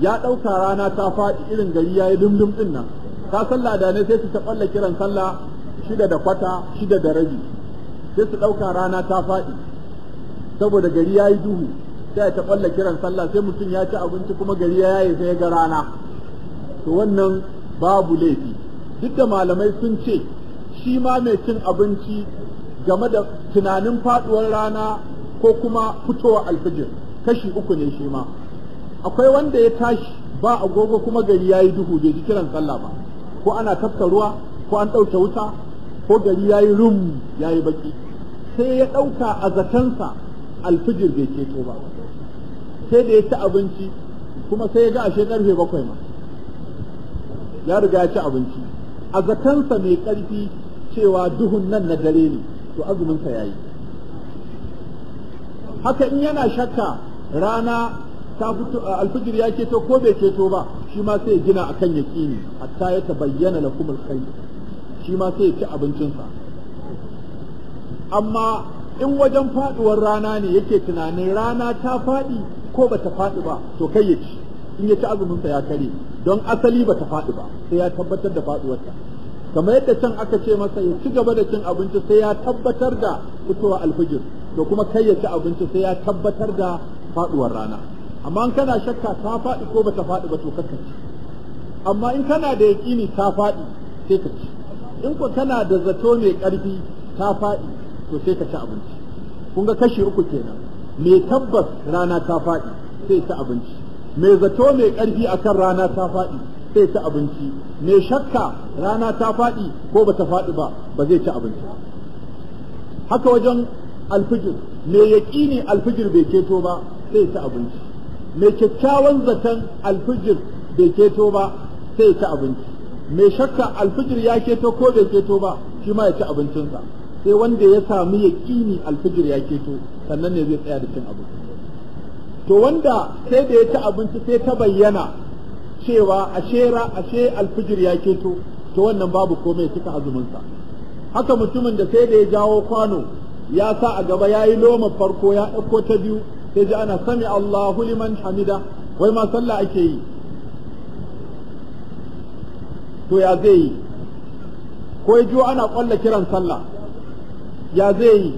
ya ɗauka rana ta faɗi irin gari ya yi dumdum ɗin nan ka sallah da ne sai su ta ɓalla kiran sallah shida da kwata shida da rabi sai su ɗauka rana ta faɗi saboda gari ya yi duhu sai ta kwalla kiran sallah sai mutum ya ci abinci kuma gari ya yi sai ga rana to wannan babu laifi duk da malamai sun ce shi ma mai cin abinci game da tunanin faduwar rana ko kuma fitowa alfijir kashi uku ne shi ma akwai wanda ya tashi ba agogo kuma gari ya yi duhu bai ji kiran sallah ba ko ana tafka ruwa ko an ɗauke wuta ko gari ya yi rum ya yi baki sai ya ɗauka a zatansa alfijir bai keto ba sai da ya ci abinci kuma sai ya ga ashe karfe bakwai ma ya riga ya ci abinci a zakansa mai ƙarfi cewa duhun nan na dare ne to azuminsa ya yi haka in yana shakka rana ta fito alfijir ya keto ko bai keto ba shi ma sai ya gina akan yaqini hatta ya tabayyana lakum kai shi ma sai ya ci abincinsa amma in wajen faduwar rana ne yake tunanin rana ta fadi ko bata faɗi ba to kai ya ci in ya ci azumin sa ya kare don asali bata faɗi ba sai ya tabbatar da faɗuwar ta kamar yadda can aka ce masa ya ci gaba da cin abinci sai ya tabbatar da fitowa alfijir to kuma kai ya ci abinci sai ya tabbatar da faɗuwar rana amma in kana shakka ta faɗi ko bata faɗi ba to ka ci amma in kana da yaƙini ta faɗi sai ka ci in ko kana da zato mai ƙarfi ta faɗi to sai ka ci abinci kun ga kashi uku kenan mai tabbas rana ta faɗi sai ta abinci mai zato mai ƙarfi akan rana ta faɗi sai ta abinci mai shakka rana ta faɗi ko bata faɗi ba ba zai ci abinci haka wajen alfijir mai yaƙini alfijir bai keto ba sai ta abinci mai kyakkyawan zaton alfijir bai keto ba sai ta abinci mai shakka alfijir ya keto ko bai keto ba shi ma ya ci abincinsa sai wanda ya sami yaƙini alfijir ya keto sannan ne zai tsaya da cin abu to wanda sai da ya ci abinci sai ta bayyana cewa ashe ra ashe alfijir ya keto to wannan babu komai cika azuminsa haka mutumin da sai da ya jawo kwano ya sa a gaba ya yi loma farko ya ɗauko ta biyu sai ji ana sami Allahu liman hamida wai ma sallah ake yi to ya zai yi ko ya ana ƙwalla kiran sallah ya zai yi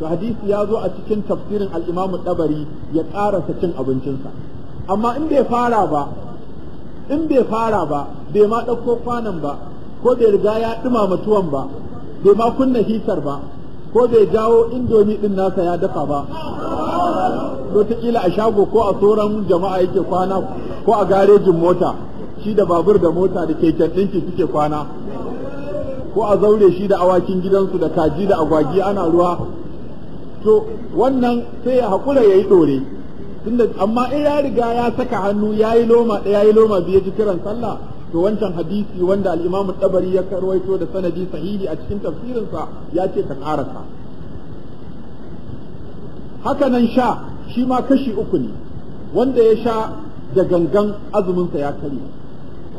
to hadisi ya zo a cikin tafsirin al-Imam Dabari ya karasa cin abincinsa amma in bai fara ba in bai fara ba bai ma ɗauko kwanan ba ko bai riga ya dumama tuwon ba bai ma kunna hisar ba ko bai jawo indomi ɗin nasa ya dafa ba kila a shago ko a sauran jama'a yake kwana ko a garejin mota shi da babur da mota da keken ɗinki suke kwana ko a zaure shi da awakin gidansu da kaji da agwagi ana ruwa to wannan sai ya haƙura ya yi ɗore tunda amma in ya riga ya saka hannu ya yi loma ɗaya yi loma biyu ji kiran sallah to wancan hadisi wanda al-Imam Tabari ya karwaito da sanadi sahihi a cikin tafsirinsa ya ce ka karasa haka nan sha shi ma kashi uku ne wanda ya sha da gangan azuminsa ya kare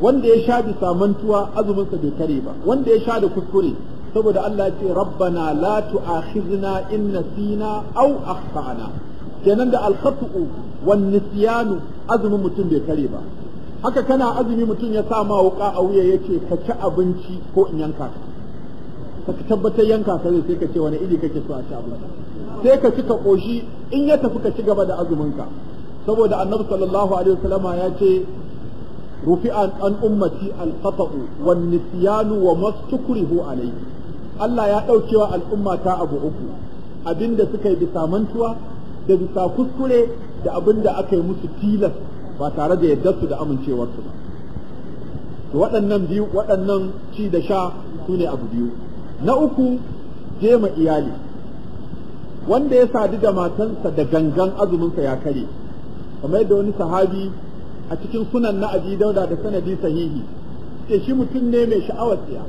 wanda ya sha bisa mantuwa azuminsa bai kare ba wanda ya sha da kuskure saboda Allah ya ce rabbana la tu'akhizna in nasina aw akhtana kenan da al-khata'u wan nisyanu azumin mutum bai kare ba haka kana azumi mutum ya sa ma wuka a wuya yace ka ci abinci ko in yanka ka ka tabbatar yanka ka sai ka ce wani iri kake so a ci abinci sai ka ci ka koshi in ya tafi ka ci gaba da azumin ka saboda annabi sallallahu alaihi wasallama ya ce rufi'an an ummati al-khata'u wan nisyanu wa mastukrihu alayhi Allah ya ɗaukewa al'umma ta abu uku abin da suka yi bisa mantuwa da bisa kuskure da abin da aka yi musu tilas ba tare da su da amincewarsu ba to waɗannan biyu waɗannan ci da sha su ne abu biyu na uku jema iyali wanda ya sadu da matansa da gangan azuminsa ya kare kamar da wani sahabi a cikin sunan na abi dauda da sanadi sahihi ce shi mutum ne mai sha'awar tsiya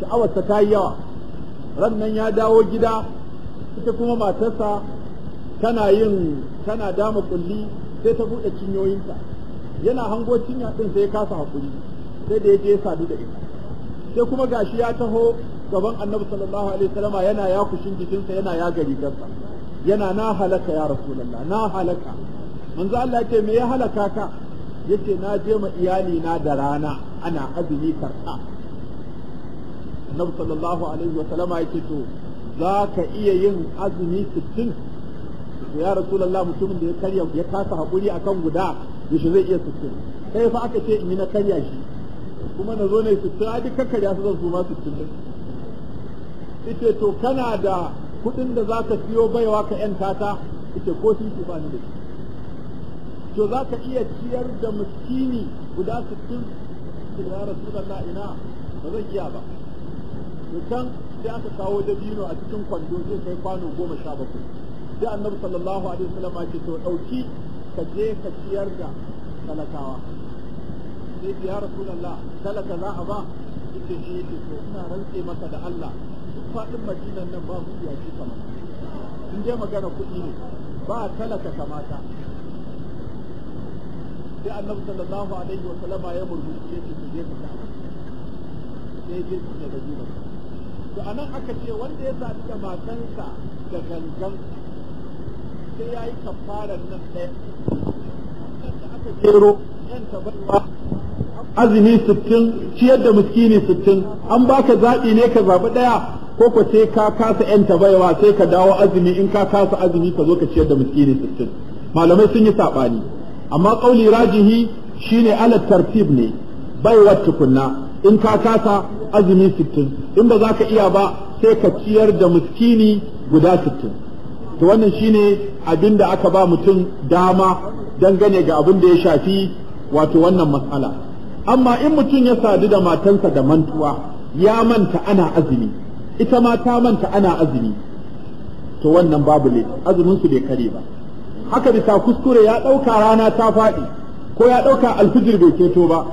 sha'awarsa ta yi yawa nan ya dawo gida ita kuma matarsa tana yin tana dama kulli sai ta buɗe cinyoyinta yana hango cinya ɗin sai ya kasa hakuri sai da ya je sadu da ita sai kuma gashi ya taho gaban annabi sallallahu alaihi wasallama yana ya kushin jikinsa yana ya gari kansa yana na halaka ya rasulullah na halaka manzo Allah yake me ya halaka ka yace na je ma iyali na da rana ana azumi karka annabi sallallahu alaihi wa sallama yake to za ka iya yin azumi sittin ya rasulullah mutumin da ya karya ya kasa hakuri akan guda yashi zai iya sittin sai fa aka ce ni na karya shi kuma na zo ne sittin a duk kakkarya su zan su ma sittin ita to kana da kuɗin da za ka siyo baiwa ka yanta tata ita ko sun ba ni da shi to za ka iya ciyar da miskini guda sittin ya rasulullah ina ba zan iya ba to can sai aka kawo dabino a cikin kwando zai kai kwano goma sha bakwai sai annabi sallallahu alaihi wasallam ce to dauki ka je ka ciyar da talakawa sai ya rasulullah talaka za a ba yake shi eh, yake to ina rantse maka da Allah duk faɗin madinan nan ba kuɗi a ci kamar in dai magana kuɗi ne ba talaka kamata sai annabi sallallahu alaihi wa sallama ya murmushi yake to je ka sai je da dabino to a nan aka ce wanda ya zaɓi da matansa da gangan sai ya yi kafarar nan ɗaya da aka jero yan tabarwa azumi sittin ciyar da miskini sittin an baka zaɓi ne ka zaɓi ɗaya ko ko sai ka kasa yan tabarwa sai ka dawo azumi in ka kasa azumi ka zo ka ciyar da miskini sittin malamai sun yi saɓani amma ƙauli rajihi shine ala tartib ne baiwar tukunna in ka kasa azumi sittin in ba za ka iya ba sai ka ciyar da miskini guda sittin to wannan shine abin da aka ba mutum dama dangane ga abin da ya shafi wato wannan matsala amma in mutum ya sadu da matansa da mantuwa ya manta ana azumi ita ma ta manta ana azumi to wannan babu ne azumin su bai kare ba haka bisa kuskure ya ɗauka rana ta faɗi ko ya ɗauka alfijir bai keto ba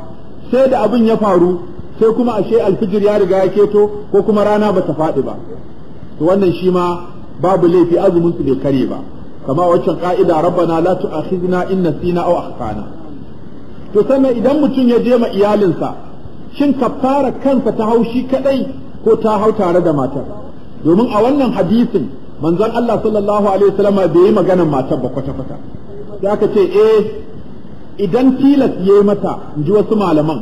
sai da abin ya faru sai kuma ashe alfijir ya riga ya keto ko kuma rana ba ta faɗi ba to wannan shi ma babu laifi azumin su bai kare ba kama waccan ka'ida rabbana la tu'akhidna in nasina aw akhana to sannan idan mutum ya je ma iyalinsa shin kafara kansa ta haushi kadai ko ta hau tare da matar domin a wannan hadisin manzon Allah sallallahu alaihi wasallam bai yi maganar matar ba kwata kwata sai aka ce eh idan tilas yayi mata in ji wasu malaman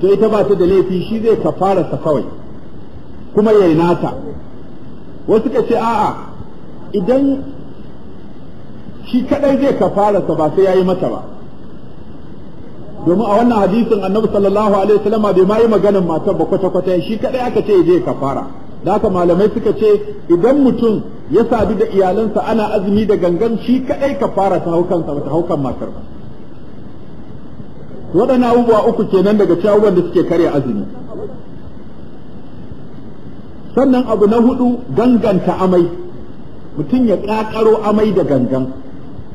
to ita ba ta da laifi shi zai kafararsa kawai kuma yayi nata wasu ka ce a'a idan shi kadai zai kafararsa ba sai yayi mata ba domin a wannan hadisin annabi sallallahu alaihi wasallam bai ma yi maganin matan ba kwata kwata shi kadai aka ce zai kafara da haka malamai suka ce idan mutum ya sadu da iyalansa ana azumi da gangan shi kadai kafara ta sa ba ta haukan matar ba waɗannan abubuwa uku kenan daga cikin abubuwan da suke karya azumi sannan abu na hudu ganganta amai mutum ya ƙaƙaro amai da gangan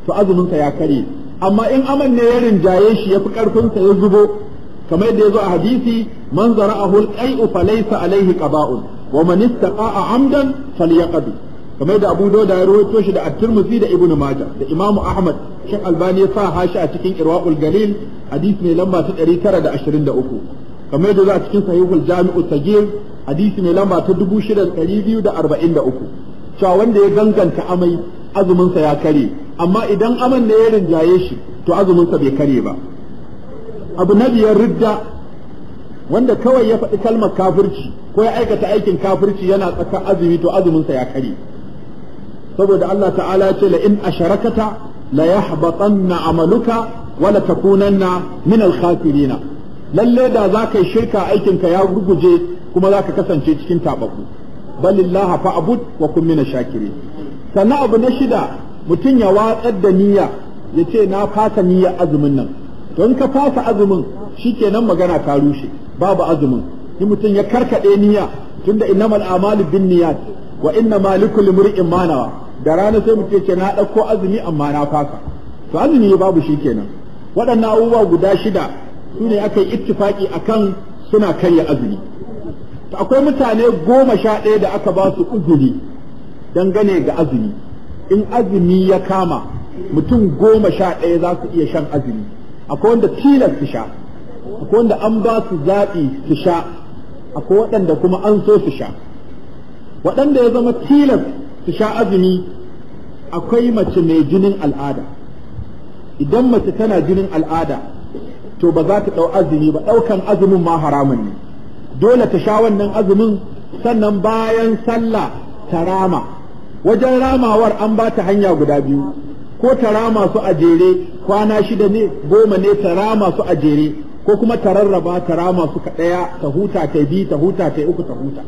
to azuminsa ya karye amma in aman ne ya rinjaye shi ya fi ƙarfinsa ya zubo kamar yadda ya zo a hadisi man zara'ahu al-qai'u falaysa alayhi qaba'un wa man istaqa'a amdan falyaqdi kamar da Abu Dawud ya rawaito shi da At-Tirmidhi da Ibn Majah da Imam Ahmad Sheikh Albani ya sa hashi a cikin Irwaqul Galil hadisi mai lamba ta 923 kamar da za a cikin Sahihul Jami'u Sagir hadisi mai lamba ta 6243 cewa wanda ya ganganta amai azumin sa ya kare amma idan aman ne ya rinjaye shi to azumin sa bai kare ba abu na biyar ridda wanda kawai ya faɗi kalmar kafirci ko ya aikata aikin kafirci yana tsaka azumi to azumin sa ya kare saboda Allah ta'ala ce la in asharakata la yahbatanna amaluka wa la takunanna min al na. lalle da zaka yi shirka ka ya gurguje kuma zaka kasance cikin tabaku balillaha fa'bud wa kun min shakirin sannan abu na shida mutum ya watsar da niyya ya ce na fasa niyya azumin nan to in ka fasa azumin shikenan magana ta rushe babu azumin in mutum ya karkade niyya tunda innamal a'malu niyyat wa inna ma likul imanawa da rana sai mutum ce na ɗauko azumi amma na fasa to azumi babu shi kenan waɗannan abubuwa guda shida sune ne aka yi ittifaki akan suna karya azumi to akwai mutane goma sha ɗaya da aka ba su uzuri dangane ga azumi in azumi ya kama mutum goma sha ɗaya za su iya shan azumi akwai wanda tilas su sha akwai wanda an ba su zaɓi su sha akwai waɗanda kuma an so su sha waɗanda ya zama tilas su sha azumi akwai mace mai jinin al'ada idan mace tana jinin al'ada to ba za ta ɗau azumi ba ɗaukan azumin ma haramun ne dole ta sha wannan azumin sannan bayan sallah ta rama wajen ramawar an ba ta hanya guda biyu ko ta rama su a jere kwana shida ne goma ne ta rama su a jere ko kuma ta rarraba ta rama su ka ɗaya ta huta ta biyu ta huta ta uku ta huta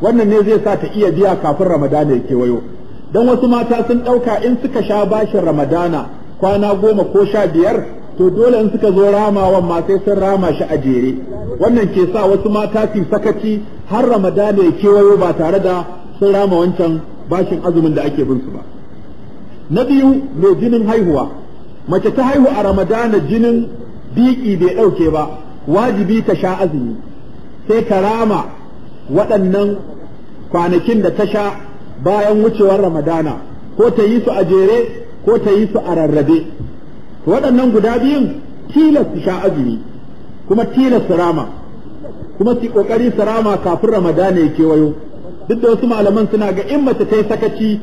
wannan ne zai sa ta iya biya kafin ramadana ya kewayo don wasu mata sun ɗauka in suka sha bashin ramadana kwana goma ko sha biyar to dole in suka zo ramawan ma sai sun rama shi a jere wannan ke sa wasu mata su sakaci har ramadana ya kewayo ba tare da sun rama wancan bashin azumin da ake bin su ba na biyu mai jinin haihuwa mace ta haihu a ramadana jinin biki bai ɗauke ba wajibi ta sha azumi sai ta rama waɗannan kwanakin da ta sha bayan wucewar ramadana ko ta yi su a jere ko ta yi su a rarrabe waɗannan guda biyun tilas su sha azumi kuma tilas su rama kuma su ƙoƙari su rama kafin ramadana ya kewayo duk da wasu malaman suna ga in mace ta yi sakaci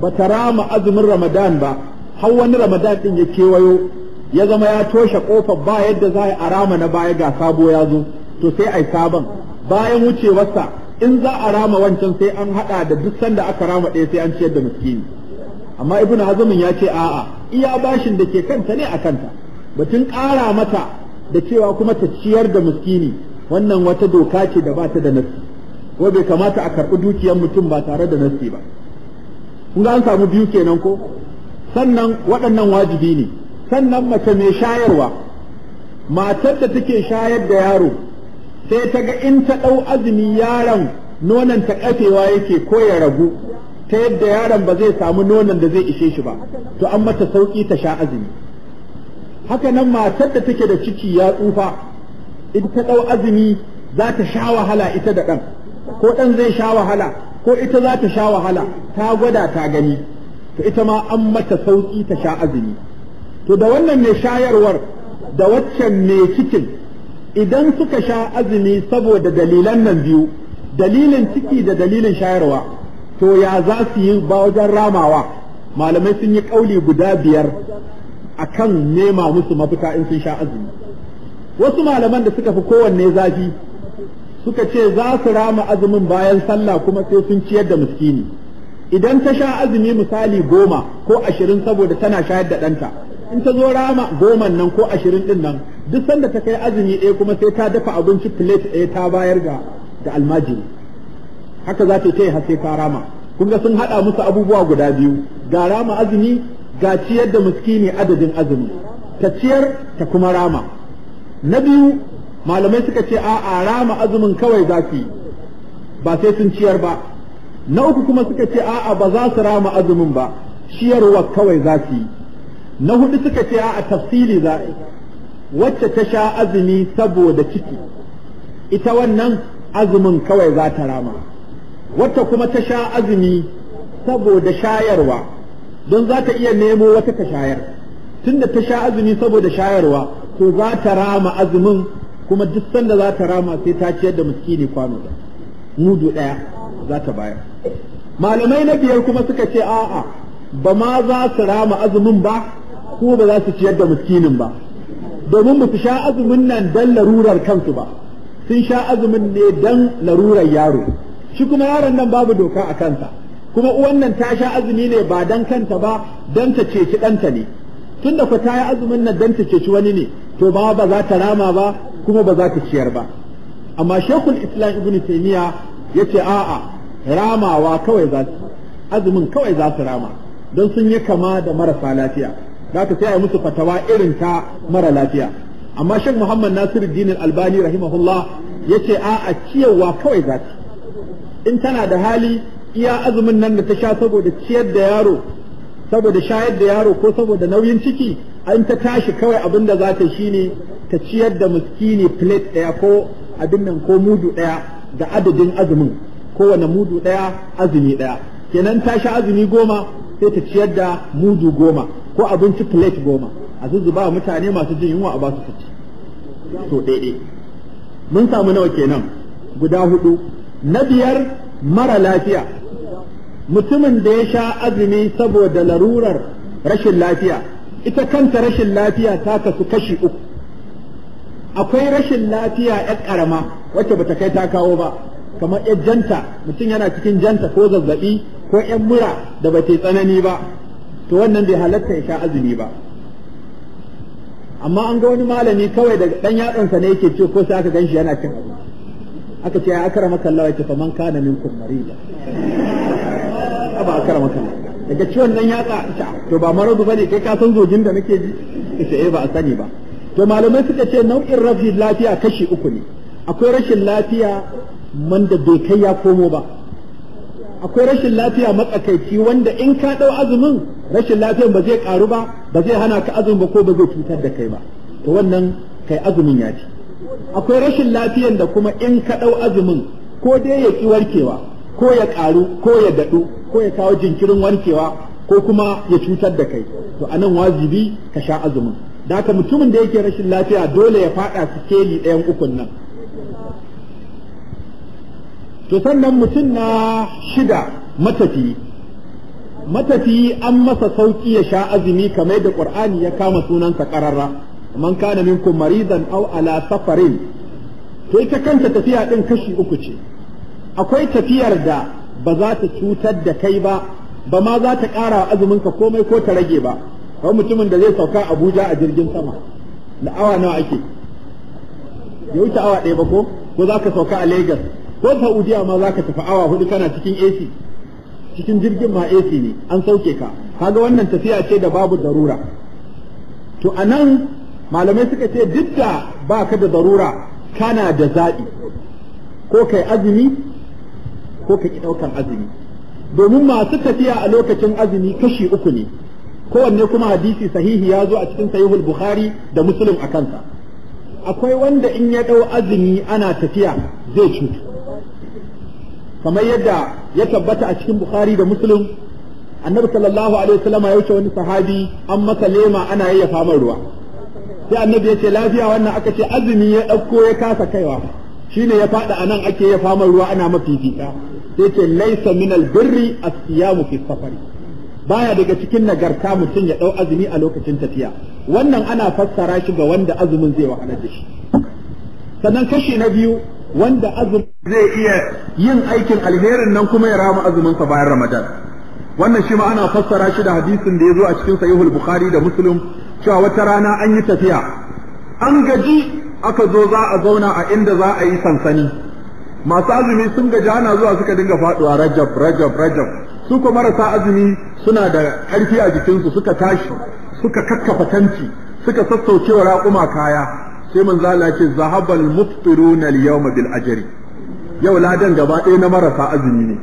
ba ta rama azumin ramadan ba har wani ramadan din ya kewayo ya zama ya toshe kofar ba yadda za a rama na baya ga sabo ya zo to sai ai sabon bayan wucewarsa in za a rama wancan sai an hada da duk sanda aka rama ɗaya sai an ciyar da miskini amma ibnu hazmin ya ce a'a iya bashin da ke kanta ne a kanta batun ƙara mata da cewa kuma ta ciyar da miskini wannan wata doka ce da bata da nasi ko bai kamata a karɓi dukiyar mutum ba tare da nasi ba kun ga an samu biyu kenan ko sannan waɗannan wajibi ne sannan mace mai shayarwa matar da take shayar da yaro sai ta ga in ta ɗau azumi yaron nonon ta ƙafewa yake ko ya ragu ta yadda yaron ba zai samu nonon da zai ishe shi ba to an mata sauki ta sha azumi haka nan matar da take da ciki ya tsufa in ta ɗau azumi za ta sha wahala ita da ɗan ko ɗan zai sha wahala ko ita za ta sha wahala ta gwada ta gani to ita ma an mata sauƙi ta sha azumi to da wannan mai shayarwar da waccan mai cikin idan suka sha azumi saboda dalilan nan biyu dalilin ciki da dalilin shayarwa to ya za su yi ba wajen ramawa malamai sun yi ƙauli guda biyar a kan nema musu mafita in sun sha azumi wasu malaman da suka fi kowanne zafi suka ce za su rama azumin bayan sallah kuma sai sun ciyar da miskini idan ta sha azumi misali goma ko ashirin saboda tana shayar da ɗanta in ta zo rama goman nan ko ashirin ɗin nan duk sanda ta kai azumi ɗaya kuma sai ta dafa abinci plate ɗaya ta bayar ga da almajiri haka za ta yi har sai ta rama kun ga sun haɗa musu abubuwa guda biyu ga rama azumi ga ciyar da muskini adadin azumi ta ciyar ta kuma rama na biyu malamai suka ce a a rama azumin kawai za su ba sai sun ciyar ba na uku kuma suka ce a a ba za su rama azumin ba ciyarwa kawai za su yi na hudu suka ce a a tafsili za wacce ta sha azumi saboda ciki ita wannan azumin kawai za ta rama wacce kuma ta sha azumi saboda shayarwa don za ta iya nemo wata ta shayar tunda ta sha azumi saboda shayarwa to za ta rama azumin kuma duk sanda za ta rama sai ta ciyar da miskini kwano da mudu ɗaya za ta bayar malamai na biyar kuma suka ce a'a ba ma za su rama azumin ba ko ba za su ciyar da miskinin ba domin mu su sha azumin nan dan larurar kansu ba sun sha azumin ne dan larurar yaro shi kuma yaron nan babu doka a kansa kuma uwan ta sha azumi ne ba dan kanta ba dan ta ceci ɗanta ne tunda ku ta yi azumin nan dan ta ceci wani ne to ba ba za ta rama ba kuma ba za ta ciyar ba amma shekul islam ibn taymiya yace a'a ramawa kawai za su azumin kawai za su rama don sun yi kama da marasa lafiya za ka sai musu fatawa irin ta mara lafiya amma shan muhammad nasiru dinin albani rahimahullah ya ce a a ciyarwa kawai za in tana da hali iya azumin nan da ta sha saboda ciyar da yaro saboda shayar da yaro ko saboda nauyin ciki an ta tashi kawai abin da za ta shi ne ta ciyar da muskini plate ɗaya ko abin nan ko mudu ɗaya da adadin azumin kowane mudu ɗaya azumi ɗaya kenan ta sha azumi goma sai ta ciyar da mudu goma ko abinci plate goma a zuzzuba mutane masu jin yunwa a ba su fiti to daidai mun samu nawa kenan guda hudu na biyar mara lafiya mutumin da ya sha azumi saboda larurar rashin lafiya ita kanta rashin lafiya ta kasu kashi uku akwai rashin lafiya yar karama wacce bata kai ta kawo ba kamar yar janta mutum yana cikin janta ko zazzabi ko yan mura da bata tsanani ba to wannan bai halatta ya sha azumi ba amma an ga wani malami kawai daga dan yatsansa ne yake ce ko sai aka ganshi yana cin abu aka ce ya akrama kallahu ya ce fa man kana minkum marida aba akrama kallahu daga ciwon nan yatsa to ba maradu bane kai ka san zojin da nake ji kace eh ba a sani ba to malamai suka ce nau'in rafi lafiya kashi uku ne akwai rashin lafiya man da bai kai ya komo ba akwai rashin lafiya matsakaici wanda in ka ɗau azumin rashin lafiyan ba zai ƙaru ba ba zai hana ka azumin ba ko ba zai cutar da kai ba to wannan kai azumin ya ci akwai rashin lafiyan da kuma in ka ɗau azumin ko dai ya ƙi warkewa ko ya ƙaru ko ya daɗu ko ya kawo jinkirin warkewa ko kuma ya cutar da kai to a nan wajibi ka sha azumin da haka mutumin da yake rashin lafiya dole ya faɗa su keli ɗayan ukun nan to sannan mutum na shida matafi an masa sauki ya sha azumi kamar da qur'ani ya kama sunansa qararra man kana minkum maridan aw ala safarin to ita kanta tafiya din kashi uku ce akwai tafiyar da ba za ta cutar da kai ba ba ma za ta ƙara azuminka komai ko ta rage ba kawai mutumin da zai sauka abuja a jirgin sama da awa nawa ake ya wuce awa ɗaya ba ko ko za ka sauka a Legas ko Saudiya ma zaka tafi awa hudu kana cikin AC cikin jirgin ma AC ne an sauke ka kaga wannan tafiya ce da babu darura to anan malamai suka ce duk da baka da darura kana da zaɓi ko kai azumi ko ka ki ɗaukan azumi domin masu tafiya a lokacin azumi kashi uku ne kowanne kuma hadisi sahihi ya zo a cikin sahihul bukhari da muslim a kansa akwai wanda in ya ɗau azumi ana tafiya zai cutu kamar yadda ya tabbata a cikin bukhari da muslim annabi sallallahu alaihi wasallam ya wuce wani sahabi an masa lema ana ya faman ruwa sai annabi ya ce lafiya wannan aka ce azumi ya ɗauko ya kasa kaiwa shine ya faɗa anan ake yayyafa man ruwa ana mafifita sai ce laisa min birri asiyamu fi safari baya daga cikin nagarta mutum ya ɗau azumi a lokacin tafiya wannan ana fassara shi ga wanda azumin zai wahalar da shi sannan kashi na biyu wanda azumi zai iya yin aikin alherin nan kuma ya rama azumin sa bayan Ramadan wannan shi ma ana fassara shi da hadisin da ya zo a cikin sahihul Bukhari da Muslim cewa wata rana an yi tafiya an gaji aka zo za a zauna a inda za a yi sansani masu azumi sun gaji ana zuwa suka dinga faduwa rajab rajab rajab su kuma marasa azumi suna da ƙarfi a jikinsu suka tashi suka kakkafa tanti suka sassauce wa raƙuma kaya sai mun Allah ce zahabal muftiruna al-yawma bil ajri yau ladan gaba ɗaya na marasa azumi ne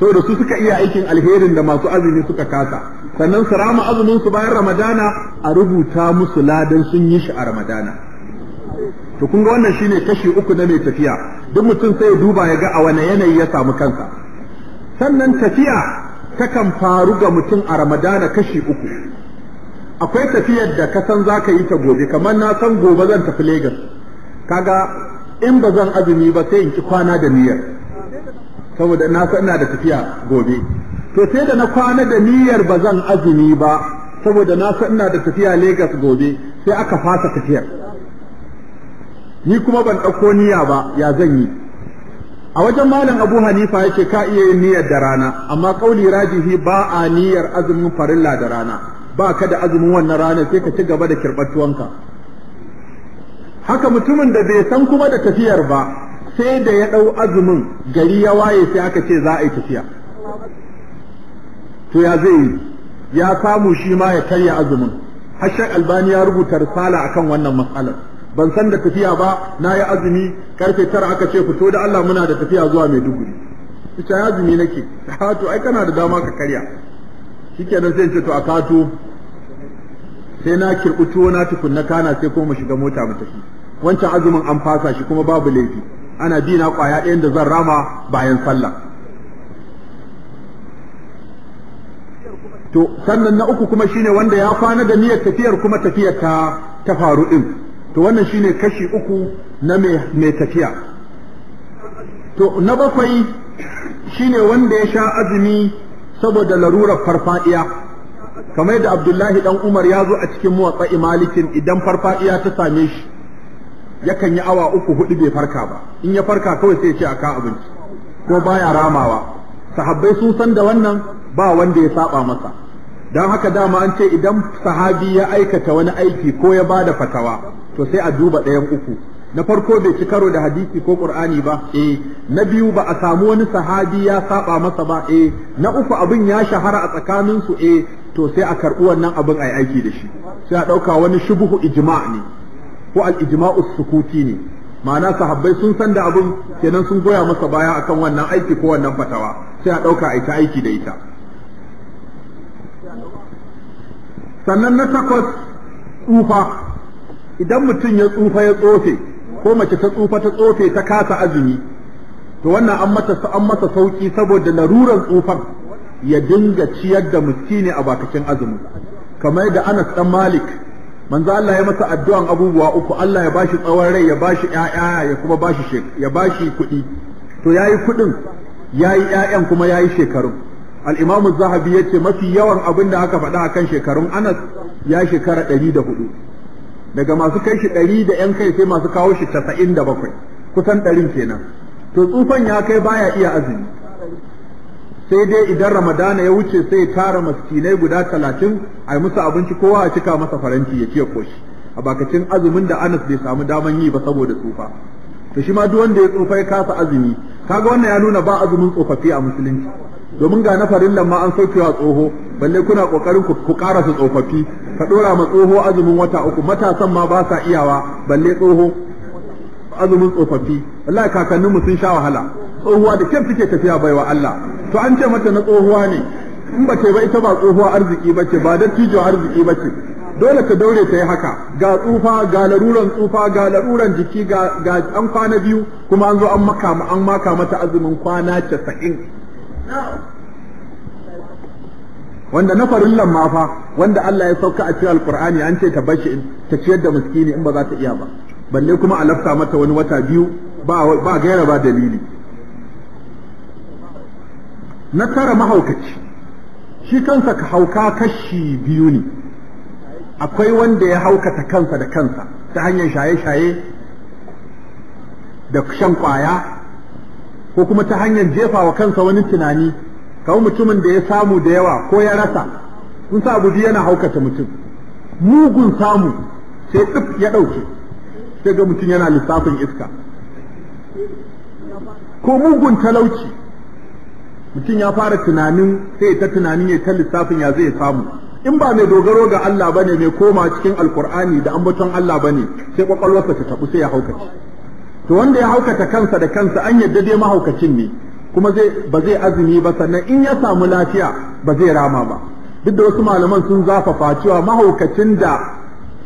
saboda su suka iya aikin alherin da masu azumi suka kasa sannan su rama azumin su bayan ramadana a rubuta musu ladan sun yi shi a ramadana to kun ga wannan shine kashi uku na mai tafiya duk mutum sai ya duba ya ga a wane yanayi ya samu kansa sannan tafiya takan faru ga mutum a ramadana kashi uku akwai tafiyar da ka san za ka yi ta gobe kamar na san gobe zan tafi Legas kaga in ba zan azumi ba sai in ki kwana da niyyar saboda na san ina da tafiya gobe to sai da na kwana da niyyar ba zan azumi ba saboda na san ina da tafiya Legas gobe sai aka fasa tafiyar ni kuma ban ɗauko niyya ba ya zan yi a wajen malam abu hanifa yake ka iya yin niyyar da rana amma kauli rajihi ba a niyyar azumin farilla da rana ba ka da azumin wannan ranar sai ka ci gaba da kirɓar ka. haka mutumin da bai san kuma da tafiyar ba sai da ya ɗau azumin gari ya waye sai aka ce za a yi tafiya to ya zai ya samu shi ma ya karya azumin hashar albani ya rubuta risala akan wannan matsalar ban san da tafiya ba na yi azumi karfe tara aka ce fito da Allah muna da tafiya zuwa Maiduguri ita ya azumi nake [laughs] to ai kana da dama ka karya shikenan sai ce to a kato sai na kirɓi tuwo na kana sai kuma mu shiga mota mu tafi wancan azumin an fasa shi kuma babu laifi ana bi na kwaya ɗayan da zan rama bayan sallah to sannan na uku kuma shine wanda ya kwana da niyyar tafiyar kuma tafiyar ta ta faru din to wannan shine kashi uku na mai tafiya to na bakwai shine wanda ya sha azumi saboda larurar farfadiya kamar yadda Abdullahi dan Umar ya zo a cikin muwatsa malikin idan farfadiya ta same shi yakan yi awa uku hudu bai farka ba in ya farka kawai sai ya ce a abinci ko baya ramawa sahabbai sun san da wannan ba wanda ya saba masa don haka dama an ce idan sahabi ya aikata wani aiki ko ya bada fatawa to sai a duba ɗayan uku na farko bai ci karo da hadisi ko qur'ani ba eh na biyu ba a samu wani sahabi ya saba masa ba eh na uku abin ya shahara a tsakanin su eh to sai a karɓi wannan abin a yi aiki da shi sai a ɗauka wani shubuhu ijma' ne ko al ijma'u sukuti ne ma'ana sahabbai sun san da abin kenan sun goya masa baya akan wannan aiki ko wannan fatawa sai a ɗauka a ta aiki da ita sannan na takwas tsufa idan mutum ya tsufa ya tsofe ko mace ta tsufa ta tsofe ta kasa azumi to wannan an masa sauki saboda larurar tsufan ya dinga ciyar da miskini a bakacin azumi kamar da Anas dan Malik manzo Allah ya masa addu'an abubuwa uku Allah ya bashi tsawon rai ya bashi ƴaƴa ya kuma bashi ya bashi kuɗi to yayi kuɗin yayi ƴaƴan kuma yayi shekarun al-Imam az-Zahabi yace mafi yawan abin da aka faɗa akan shekarun Anas ya shekara 104 daga masu kai shi 100 da ƴan kai sai masu kawo shi 97 kusan 100 kenan to tsufan ya kai baya iya azumi sai dai idan ramadana ya wuce sai tara maskinai guda talatin a yi musu abinci kowa a cika masa faranti ya ciye koshi a bakacin azumin da anas bai samu daman yi ba saboda tsufa to shi ma duk wanda ya tsufa ya kasa azumi kaga wannan ya nuna ba azumin tsofaffi a musulunci domin ga nafarin lamma an saukewa tsoho balle kuna kokarin ku karasa tsofaffi ka dora ma tsoho azumin wata uku matasan ma ba sa iyawa balle tsoho azumin tsofaffi wallahi kakannin mu sun sha wahala tsohuwa da kyan suke tafiya baiwa Allah to an ce mata na tsohuwa ne in ba ce ba ita ba tsohuwa arziki ba ce ba dattijo arziki ba ce dole ta daure ta yi haka ga tsufa ga laruran tsufa ga laruran jiki ga ga an kwana biyu kuma an zo an maka an maka mata azumin kwana 90 wanda na farillan lamma fa wanda Allah ya sauka a cikin alqur'ani an ce ta bashi ta ciyar da miskini in ba za ta iya ba balle kuma a lafta mata wani wata biyu ba gaira ba dalili na tara mahaukaci shi kansa ka hauka kashi biyu ne akwai wanda ya haukata kansa da kansa ta hanyar shaye-shaye da shan kwaya ko kuma ta hanyar jefa wa kansa wani tunani kawo mutumin da ya samu da yawa ko ya rasa kun sa abu yana haukata mutum mugun samu sai tsif ya ɗauke sai ga mutum yana lissafin iska ko mugun talauci mutum ya fara tunanin sai ta tunanin ya ta lissafin ya zai samu in ba mai dogaro ga Allah bane mai koma cikin alkur'ani da ambaton Allah bane sai kwakwalwarsa ta tabu sai ya haukace to wanda ya haukata kansa da kansa an yadda dai mahaukacin ne kuma zai ba zai azumi ba sannan in ya samu lafiya ba zai rama ba duk da wasu malaman sun zafafa cewa mahaukacin da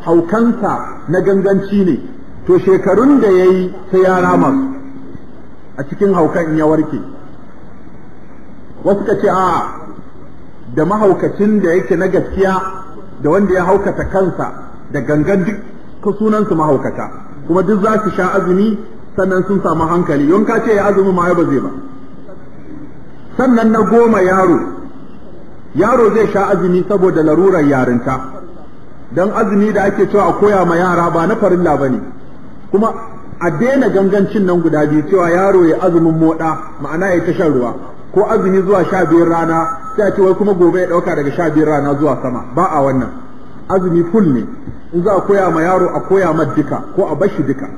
haukansa na ganganci ne to shekarun da ya yi sai ya rama a cikin haukan in ya warke wasu ka ce a da mahaukacin da yake na gaskiya da wanda ya haukata kansa da gangan duk sunansu mahaukata kuma duk za su sha azumi sannan sun samu hankali yon ka ce ya azumi ma ba zai ba sannan na goma yaro yaro zai sha azumi saboda larurar yarinta don azumi da ake cewa a koya ma yara ba na farilla ba ne kuma a daina gangancin nan guda biyu cewa yaro ya azumin moda ma'ana ya ta shan ruwa ko azumi zuwa sha biyar rana sai ce wai kuma gobe ya ɗauka daga sha biyar rana zuwa sama ba a wannan azumi full ne in za a koya ma yaro a koya ma duka ko a bashi duka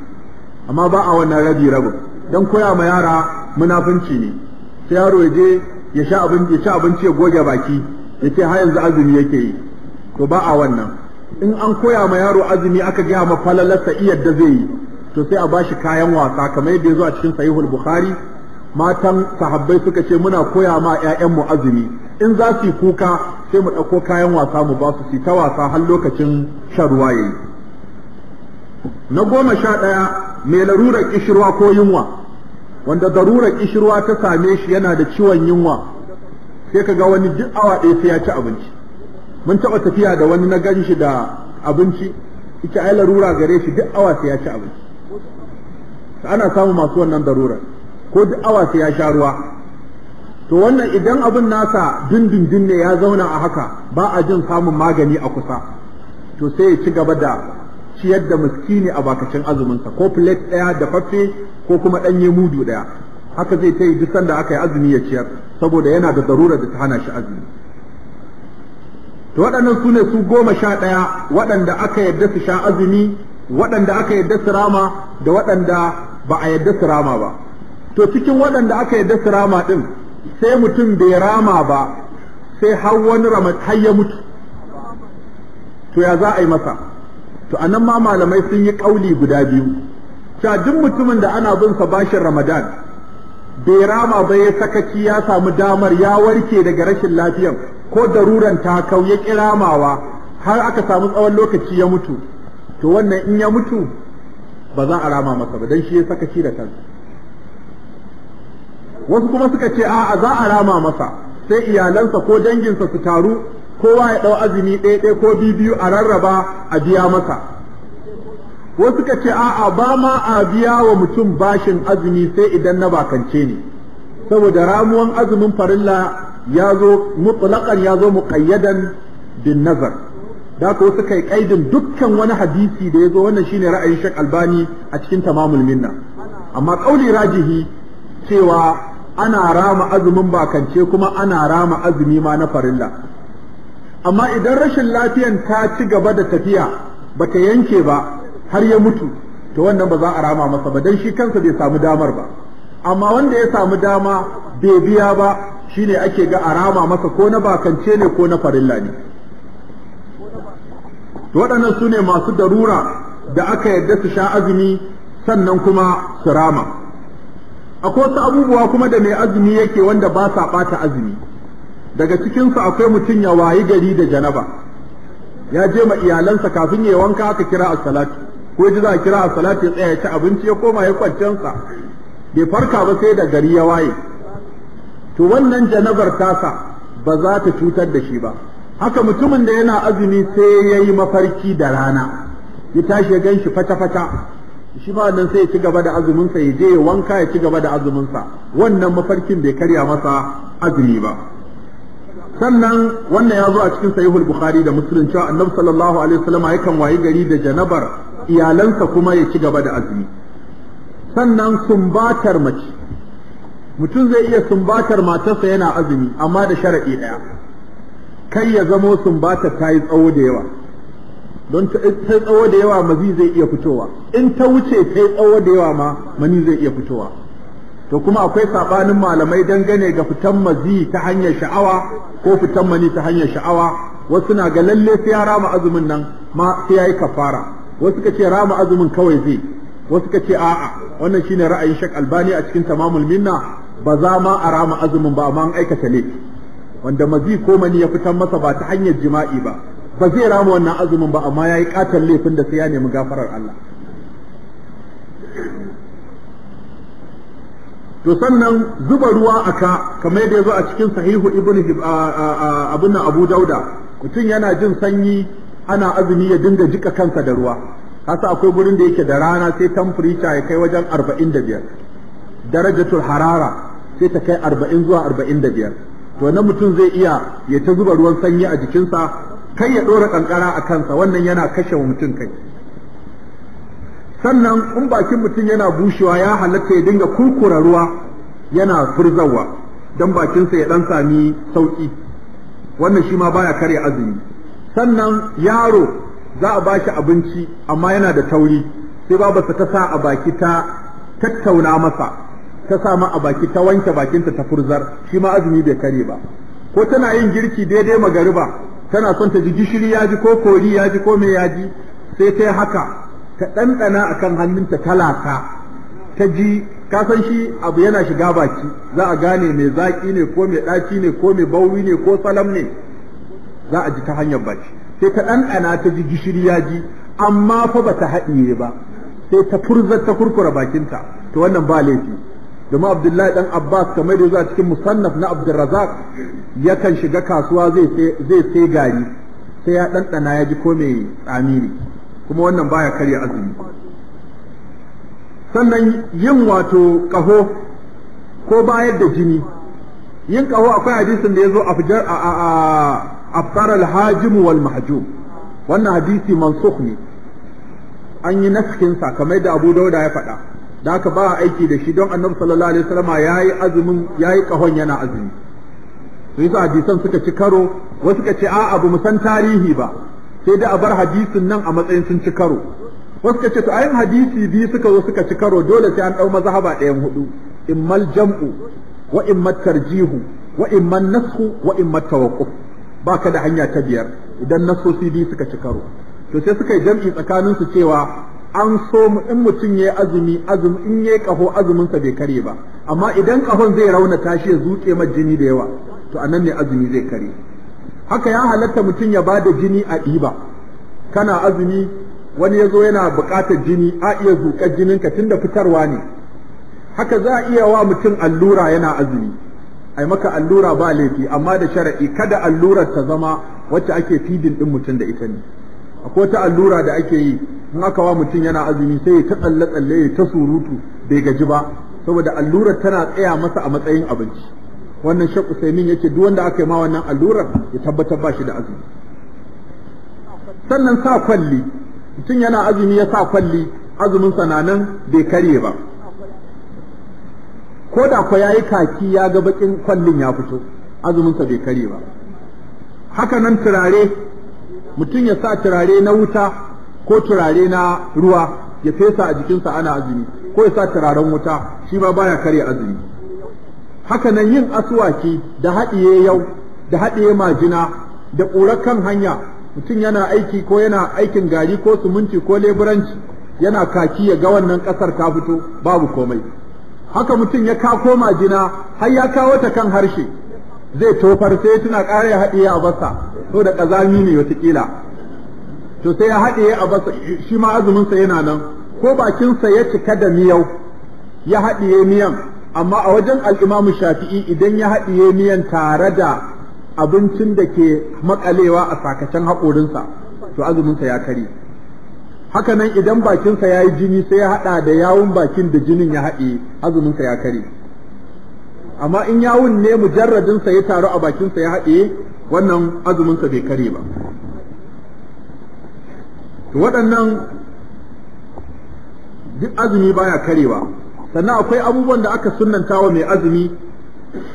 amma ba a wannan rabi rabin dan koya ma yara munafunci ne sai yaro ya je ya sha abinci ya goge baki ya ce har yanzu azumi yake yi to ba a wannan in an koya ma yaro azumi aka gaya ma falalarsa iyar da zai yi to sai a bashi kayan wasa kamar yadda ya zo a cikin sahihul bukhari matan sahabbai suka ce muna koya ma 'ya'yanmu azumi in za su yi kuka sai mu ɗauko kayan wasa mu ba su su ta wasa har lokacin shan ruwa yayi na goma sha ɗaya mai larurar kishirwa ko yunwa wanda darurar ƙishirwa ta same shi yana da ciwon yunwa sai ka ga wani duk awa ɗaya sai ya ci abinci mun taɓa tafiya da wani na gan shi da abinci ita ai larura gare shi duk awa sai ya ci abinci ana samun masu wannan darurar ko duk awa sai ya sha ruwa to wannan idan abin nasa dindindin ne ya zauna a haka ba a jin samun magani a kusa to sai ya ci gaba da ciyar da miskini a bakacin azuminsa ko plate ɗaya da fafe ko kuma ɗanye mudu ɗaya haka zai ta yi duk sanda aka yi azumi ya ciyar saboda yana da darurar da ta hana shi azumi to waɗannan su ne su goma sha ɗaya waɗanda aka yarda su sha azumi waɗanda aka yarda su rama da waɗanda ba a yarda su rama ba to cikin waɗanda aka yarda su rama ɗin sai mutum bai rama ba sai har wani har ya mutu to ya za a yi masa to anan ma malamai sun yi ƙauli guda biyu cewa duk mutumin da ana bin sa bashin ramadan bai rama ba ya sakaci ya samu damar ya warke daga rashin lafiyan ko daruran ta kau ya kiramawa har aka samu tsawon lokaci ya mutu to wannan in ya mutu ba za a rama masa ba dan shi ya saka shi da kansa wasu kuma suka ce a'a za a rama masa sai iyalansa ko danginsa su taru kowa ya ɗau azumi ɗaya ɗaya ko biyu biyu a rarraba a biya masa wasu suka ce a'a ba ma a biya wa mutum bashin azumi sai idan na bakance ne saboda ramuwan azumin farilla ya zo mutlaqan ya zo muqayyadan bin nazar da ko suka yi kaidin dukkan wani hadisi da ya zo wannan shine ra'ayin Sheikh Albani a cikin tamamul minna amma qauli rajihi cewa ana rama azumin bakance kuma ana rama azumi ma na farilla amma idan rashin lafiyan ta ci gaba da tafiya bata yanke ba har ya mutu to wannan ba za a rama masa ba dan shi kansa bai samu damar ba amma wanda ya samu dama bai biya ba shine ake ga arama masa ko na bakance ne ko na farilla ne to waɗannan su ne masu darura da aka yarda su sha azumi sannan kuma su rama akwai wasu abubuwa kuma da mai azumi yake wanda ba sa ɓata azumi daga cikinsu akwai mutum ya wayi gari da janaba ya je ma iyalansa kafin ya wanka aka kira a salatu ko ji za a kira a ya tsaya ya ci abinci ya koma ya kwancensa bai farka ba sai da gari ya waye to wannan janabar tasa ba za ta cutar da shi ba haka mutumin da yana azumi sai ya yi mafarki da rana ya tashi ya gan shi fata-fata shi ba nan sai ya ci gaba da azuminsa ya je ya wanka ya ci gaba da azuminsa wannan mafarkin bai karya masa azumi ba sannan wannan ya zo a cikin sahihul bukhari da muslim cewa annabi sallallahu alaihi wasallam yakan wayi gari da janabar iyalansa kuma ya ci gaba da azumi sannan sumbatar mace mutum zai iya sumbatar matarsa yana azumi amma da sharai ɗaya kai ya zamo sumbata ta yi tsawo da yawa don ta tsawo da yawa mazi zai iya fitowa in ta wuce ta yi tsawo da yawa ma mani zai iya fitowa to kuma akwai sabanin malamai dangane ga fitan mazi ta hanyar sha'awa ko fitan mani ta hanyar sha'awa wasu na ga lalle sai ya rama azumin nan ma sai yayi kafara wasu ka ce rama azumin kawai zai wasu ka ce a'a wannan shine ra'ayin shak' Albani a cikin Tamamul Minna ba za ma a rama azumin ba amma an aikata ne wanda mazi ko mani ya fitan masa ba ta hanyar jima'i ba ba zai rama wannan azumin ba amma ya yi katon laifin da sai ya nemi gafarar Allah to sannan zuba ruwa aka kamar yadda ya zo a cikin sahihu ibnu abin abu dauda mutum yana jin sanyi ana azumi ya dinga jika kansa da ruwa kasa akwai gurin da yake da rana sai temperature ya kai wajen arba'in da biyar darajatul harara sai ta kai arba'in zuwa arba'in da biyar to na mutum zai iya ya ta zuba ruwan sanyi a jikinsa kai ya ɗora kankara a kansa wannan yana kashe mutum kai sannan in bakin mutum yana bushewa ya halatta ya dinga kurkura ruwa yana furzawa don bakinsa ya ɗan sami sauƙi wannan shi ma baya karya azumi sannan yaro za a bashi abinci amma yana da tauri sai babarsa ta sa a baki ta tattauna masa ta samu a baki ta wanke bakinta ta furzar shi ma azumi bai kare ba ko tana yin girki daidai magariba tana son ta ji gishiri ya ji ko kori ya ji ko me ya ji sai ta haka ta ɗanɗana a akan hannunta talaka ta ji ka san shi abu yana shiga baki za a gane mai zaki ne ko mai ɗaci ne ko mai bauri ne ko salam ne za a ji ta hanyar baki sai ta ɗanɗana ta ji gishiri ya ji amma fa ba ta haɗiye ba sai ta furzar ta kurkura bakinta to wannan ba laifi domin abdullahi dan abbas kamar da zuwa cikin musannaf na abdurrazak yakan shiga kasuwa zai sai gari sai ya ɗanɗana ya ji ko mai tsami ne kuma wannan baya karya azumi sannan yin wato ƙaho ko bayar da jini yin ƙaho akwai hadisin da ya zo a a afkar hajimu wal Mahjum wannan hadisi mansukh ne an yi naskinsa kamar da abu dauda ya faɗa da aka ba aiki da shi don annabi sallallahu alaihi wasallama yayi azumin yi kahon yana azumi to yasa hadisan suka ci karo wasu suka ce a'a ba musan san tarihi ba sai da a bar hadisin nan a matsayin sun ci karo wasu suka ce to ayin hadisi biyu suka zo suka ci karo dole sai an dau mazhaba ɗayan hudu immal jam'u wa immal tarjihu wa immal nashu wa immal tawaqquf baka da hanya ta biyar idan nasosi biyu suka ci karo to sai suka yi jam'i tsakanin su cewa an so mu in mutum ya azumi azumi in ya kaho azumin sa bai kare ba amma idan kahon zai rauna tashi ya zuke mai jini da yawa to anan ne azumi zai kare haka ya halatta mutum ya bada jini a ɗiba kana azumi wani ya zo yana buƙatar jini a iya zuƙar tun tunda fitarwa ne haka za a iya wa mutum allura yana azumi ai maka allura ba laifi amma da shara'i kada allurar ta zama wacce ake fidin din mutum da ita ne akwai ta allura da ake yi in aka wa mutum yana azumi sai ya ta tsalle tsalle ya ta surutu bai gaji ba saboda allurar tana tsaya masa a matsayin abinci wannan shek usaimin yake duk wanda aka yi ma wannan allurar ya tabbatar ba shi da azumi sannan sa kwalli mutum yana azumi ya sa kwalli azumin sa na nan bai karye ba ko da ko yayi kaki ya ga bakin kwallin ya fito azumin sa bai karye ba haka nan turare mutum ya sa turare na wuta ko turare na ruwa ya fesa a jikinsa ana azumi ko ya sa turaren wuta shi ma baya karya azumi haka nan yin asuwaki da haɗiye yau da haɗiye majina da ƙura kan hanya mutum yana aiki ko yana aikin gari ko suminti ko leburanci yana kaki ya ga wannan ƙasar ta fito babu komai haka mutum ya kako majina har ya kawo ta kan harshe zai tofar sai tuna ƙara ya haɗiye a basa to da ƙazami ne watakila to sai ya haɗiye a basa shi ma azuminsa yana nan ko bakinsa ya cika da miyau ya haɗiye miyan amma a wajen al'imamu shafi'i idan ya haɗiye miyan tare da abincin da ke maƙalewa a sakacen haƙorinsa to azuminsa ya kare hakanan idan bakinsa ya yi jini sai ya haɗa da yawun bakin da jinin ya haɗe azuminsa ya kare amma in yawun ne mujarradin sa ya taru a bakin sa ya haɗe wannan azumin sa bai kare ba to waɗannan duk azumi baya karewa sannan akwai abubuwan da aka sunnanta wa mai azumi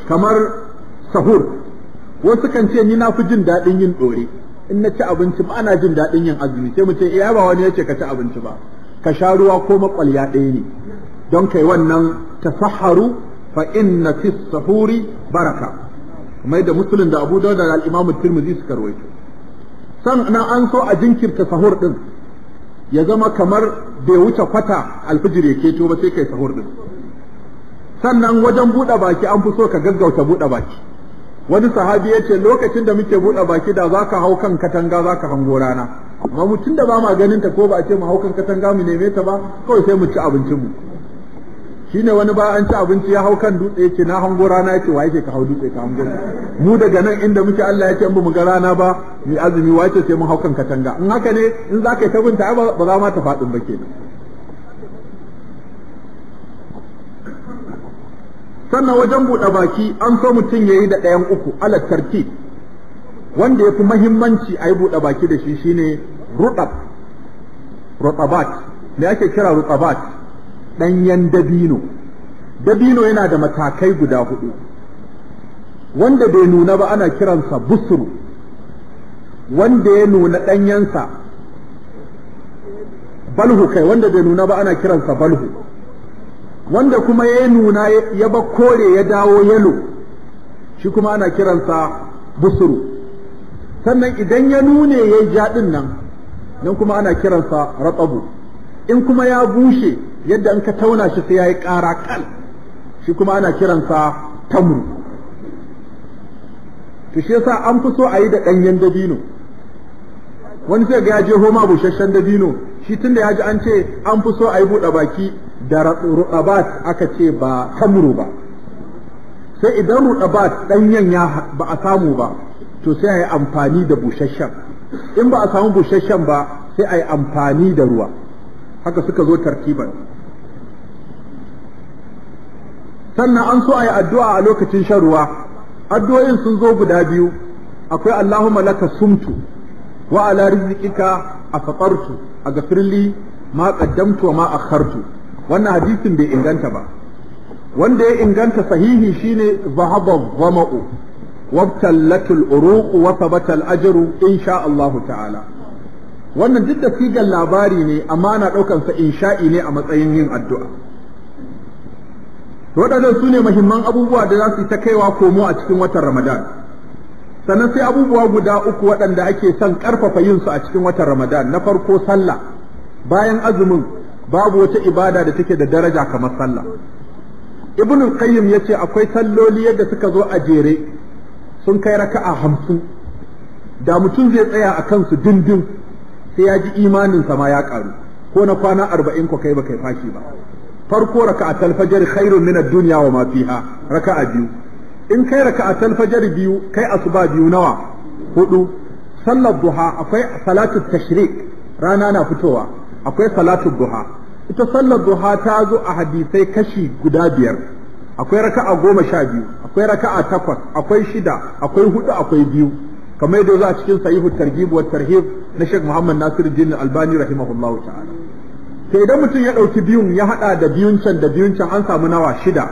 kamar sahur wasu kan ce ni na fi jin daɗin yin ɗore in na ci abinci ba ana jin daɗin yin azumi sai mu ce eh, iya ba wani ya ce ka ci abinci ba ka sha ruwa ko makwalya ɗaya ne don kai wannan tasaharu fa inna fi sahuri baraka Mai da musulun da abu da al-imam tirmidhi suka San na an so a jinkirta sahur din ya zama kamar bai wuce kwata alfijir ya to ba sai kai sahur din sannan wajen buɗe baki an fi so ka gaggauta buɗe baki wani sahabi ya ce lokacin da muke buɗe baki da za ka hau kan katanga za ka hango rana amma mutum da ba ma ganin ta ko ba a ce mu hau kan katanga mu neme ta ba kawai sai mu ci abincinmu Shi ne wani bayan ci abinci ya hau kan dutse yace na hango rana ce wa yake ka hau dutse ka hango mu daga nan inda muke Allah ya in bamu mu ga rana ba mu azumi wa yake sai mun hau kan katanga in haka ne in za ka yi ta tabinta ba za ma ta fadin ba kenan sannan wajen buɗe baki an so mutum ya yi da ɗayan uku alat tarki wanda ya fi mahimmanci a yi buɗe baki da shi shine rutab rutabat me ake kira rutabat ɗanyen dabino dabino yana da matakai guda hudu wanda bai nuna ba ana kiransa busuru wanda ya nuna ɗanyensa balhu kai wanda bai nuna ba ana kiransa balhu wanda kuma ya nuna ya ba kore ya dawo yalo shi kuma ana kiransa busuru sannan idan ya nune ya yi jaɗin nan nan kuma ana kiransa ratsabu in kuma ya bushe yadda an ka tauna shi sai ya yi ƙara kal shi kuma ana kiransa tamru to shi yasa an fi so a yi da ɗanyen dabino wani sai ga ya je homa busasshen dabino shi tunda ya ji an ce an fi so a yi buɗe baki da ruɗabat aka ce ba tamru ba sai idan ruɗabat ɗanyen ya ba a samu ba to sai a yi amfani da busasshen in ba a samu busasshen ba sai a yi amfani da ruwa haka suka zo tartiban sannan an so a yi addu'a a lokacin shan ruwa addu'o'in sun zo guda biyu akwai Allahumma laka sumtu wa ala rizqika afaqartu aghfirli ma qaddamtu wa ma akhartu wannan hadisin bai inganta ba wanda ya inganta sahihi shine zahaba dhama'u wabtallatul uruq wa thabata al ajru insha Allah ta'ala wannan duk da sigar labari ne amma ana ɗaukan sa insha'i ne a matsayin yin addu'a to waɗannan su ne muhimman abubuwa da za su ta kaiwa komo a cikin watan ramadan sannan sai abubuwa guda uku waɗanda ake son ƙarfafa yin su a cikin watan ramadan na farko sallah bayan azumin babu wata ibada da take da daraja kamar sallah ibn qayyim ce akwai salloli yadda suka zo a jere sun kai raka'a hamsin da mutum zai tsaya a kansu dindin sai ya ji imanin sama ya karu ko na kwana arba'in ko kai ba fashi ba farko raka'a talfajar khairun min ad-dunya wa ma fiha raka'a biyu in kai raka'a talfajar biyu kai asuba biyu nawa hudu sallar duha akwai salatu tashrik rana na fitowa akwai salatu duha ita sallar duha ta zo a hadisai kashi guda biyar akwai raka'a goma sha biyu akwai raka'a takwas akwai shida akwai hudu akwai biyu kamar yadda a cikin sahihu targhib wa tarhib na Sheikh Muhammad Nasiruddin Albani rahimahullahu ta'ala sai idan mutum ya dauki biyun ya hada da biyun can da biyun can an samu nawa shida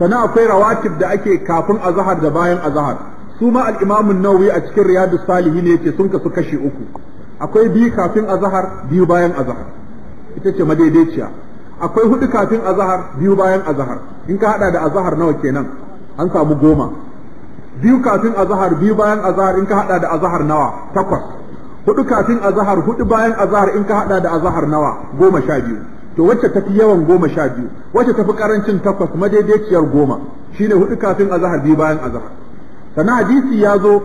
sannan akwai rawatib da ake kafin azhar da bayan azhar su ma al-Imam an-Nawawi a cikin Riyadus Salihin yace sun kasu kashi uku akwai biyu kafin azhar biyu bayan azhar ita ce madaidaiciya akwai hudu kafin azhar biyu bayan azhar in ka hada da azhar nawa kenan an samu goma biyu kafin azhar biyu bayan azhar in ka hada da azhar nawa takwas hudu kafin azhar hudu bayan azhar in ka hada da azhar nawa goma sha biyu to wacce tafi yawan goma sha biyu wacce tafi karancin takwas madaidaiciyar goma shine hudu kafin azhar biyu bayan azhar sannan hadisi ya zo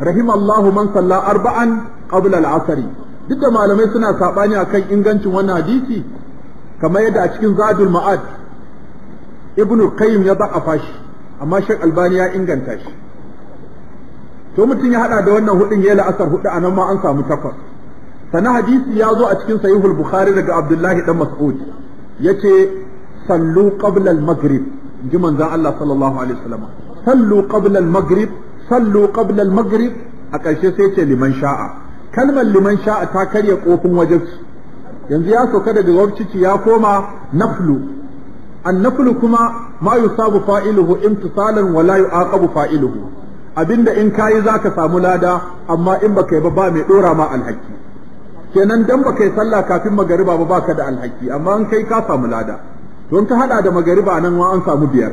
rahimallahu man salla arba'an qabla al-asri duk da malamai suna sabani akan ingancin wannan hadisi kamar yadda a cikin zadul ma'ad ibnu qayyim ya da'afa shi amma shek albani ya inganta shi to mutum ya hada da wannan hudun ya la'asar hudu a nan ma an samu takwas sana hadisi ya zo a cikin sahihul bukhari daga abdullahi dan mas'ud yace sallu qabla al-maghrib ji manzon Allah sallallahu alaihi wasallam sallu qabla al-maghrib sallu qabla al-maghrib a ƙarshe sai ce liman sha'a kalmar liman sha'a ta karya kofin wajensu yanzu ya sauka daga wabcici ya koma naflu annaflu kuma ma yusabu fa'iluhu imtisalan wa la yu'aqabu fa'iluhu abinda in kayi ka samu lada amma in bakai yi ba ba mai dora ma alhaki kenan dan bakai yi sallah kafin magariba ba baka da alhaki amma in kai ka samu lada to in ka hada da magariba nan wa an samu biyar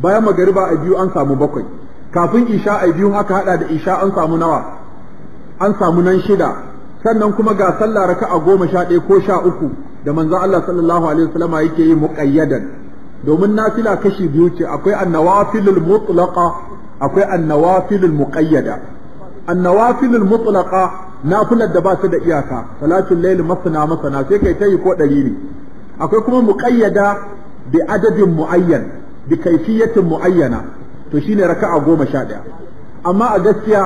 bayan magariba a biyu an samu bakwai kafin isha a biyu aka hada da isha an samu nawa an samu nan shida sannan kuma ga sallah raka'a goma sha ɗaya ko sha uku da manzo Allah sallallahu alaihi wasallama yake yi muqayyadan domin nafila kashi biyu ce akwai annawafilul mutlaqa akwai annawafilul muqayyada annawafilul mutlaqa nafilar da ba su da iyaka salatul layl masana masana sai kai tayi ko dari ne akwai kuma muqayyada bi adadin muayyan bi kayfiyatin muayyana to shine raka'a goma sha ɗaya amma a gaskiya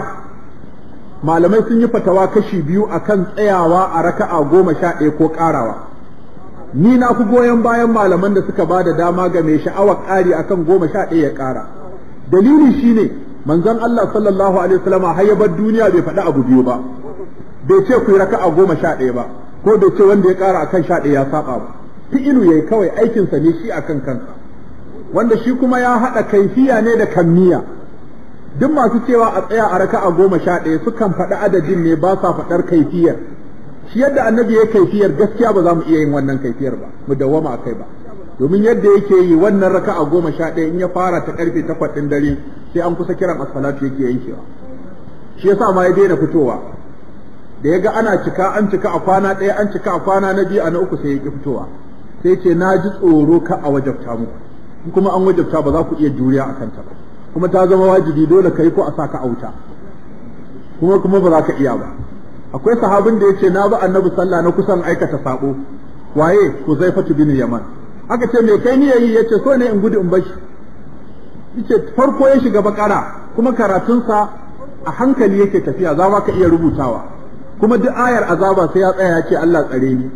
malamai sun yi fatawa kashi biyu akan tsayawa a raka'a goma sha ɗaya ko ƙarawa ni na ku goyon bayan malaman da suka ba da dama ga mai sha'awar ƙari akan goma sha ɗaya ya ƙara dalili shine manzon Allah sallallahu alaihi wasallam har duniya bai faɗi abu biyu ba bai ce ku yi a goma sha ɗaya ba ko bai ce wanda ya ƙara akan sha ɗaya ya saba ba fi'ilu yayi kawai aikin sa ne shi akan kansa wanda shi kuma ya haɗa kaifiya ne da kammiya duk masu cewa a tsaya a raka a goma sha ɗaya sukan faɗi adadin ne ba sa faɗar kaifiyar shi yadda annabi ya kaifiyar gaskiya ba za mu iya yin wannan kaifiyar ba mu dawwama a kai ba domin yadda yake yi wannan raka a goma sha ɗaya in ya fara ta ƙarfe takwas ɗin dare sai an kusa kiran as yake yankewa shi yasa ma ya daina fitowa da ya ga ana cika an cika a kwana ɗaya an cika a kwana na biyu a na uku sai ya ƙi fitowa sai ce na ji tsoro ka a wajabta muku kuma an wajabta ba za ku iya juriya a kanta ba kuma ta zama wajibi dole ka yi ko a sa ka auta kuma kuma ba za ka iya ba akwai sahabin da ya ce na bi annabi sallah na kusan aikata sabo waye ku zaifatu bin yaman aka ce mai kai niyayi ce so ne in gudu in bashi yace farko ya shiga bakara kuma karatunsa a hankali yake tafiya za ka iya rubutawa kuma duk ayar azaba sai ya tsaya ya ce Allah tsare ni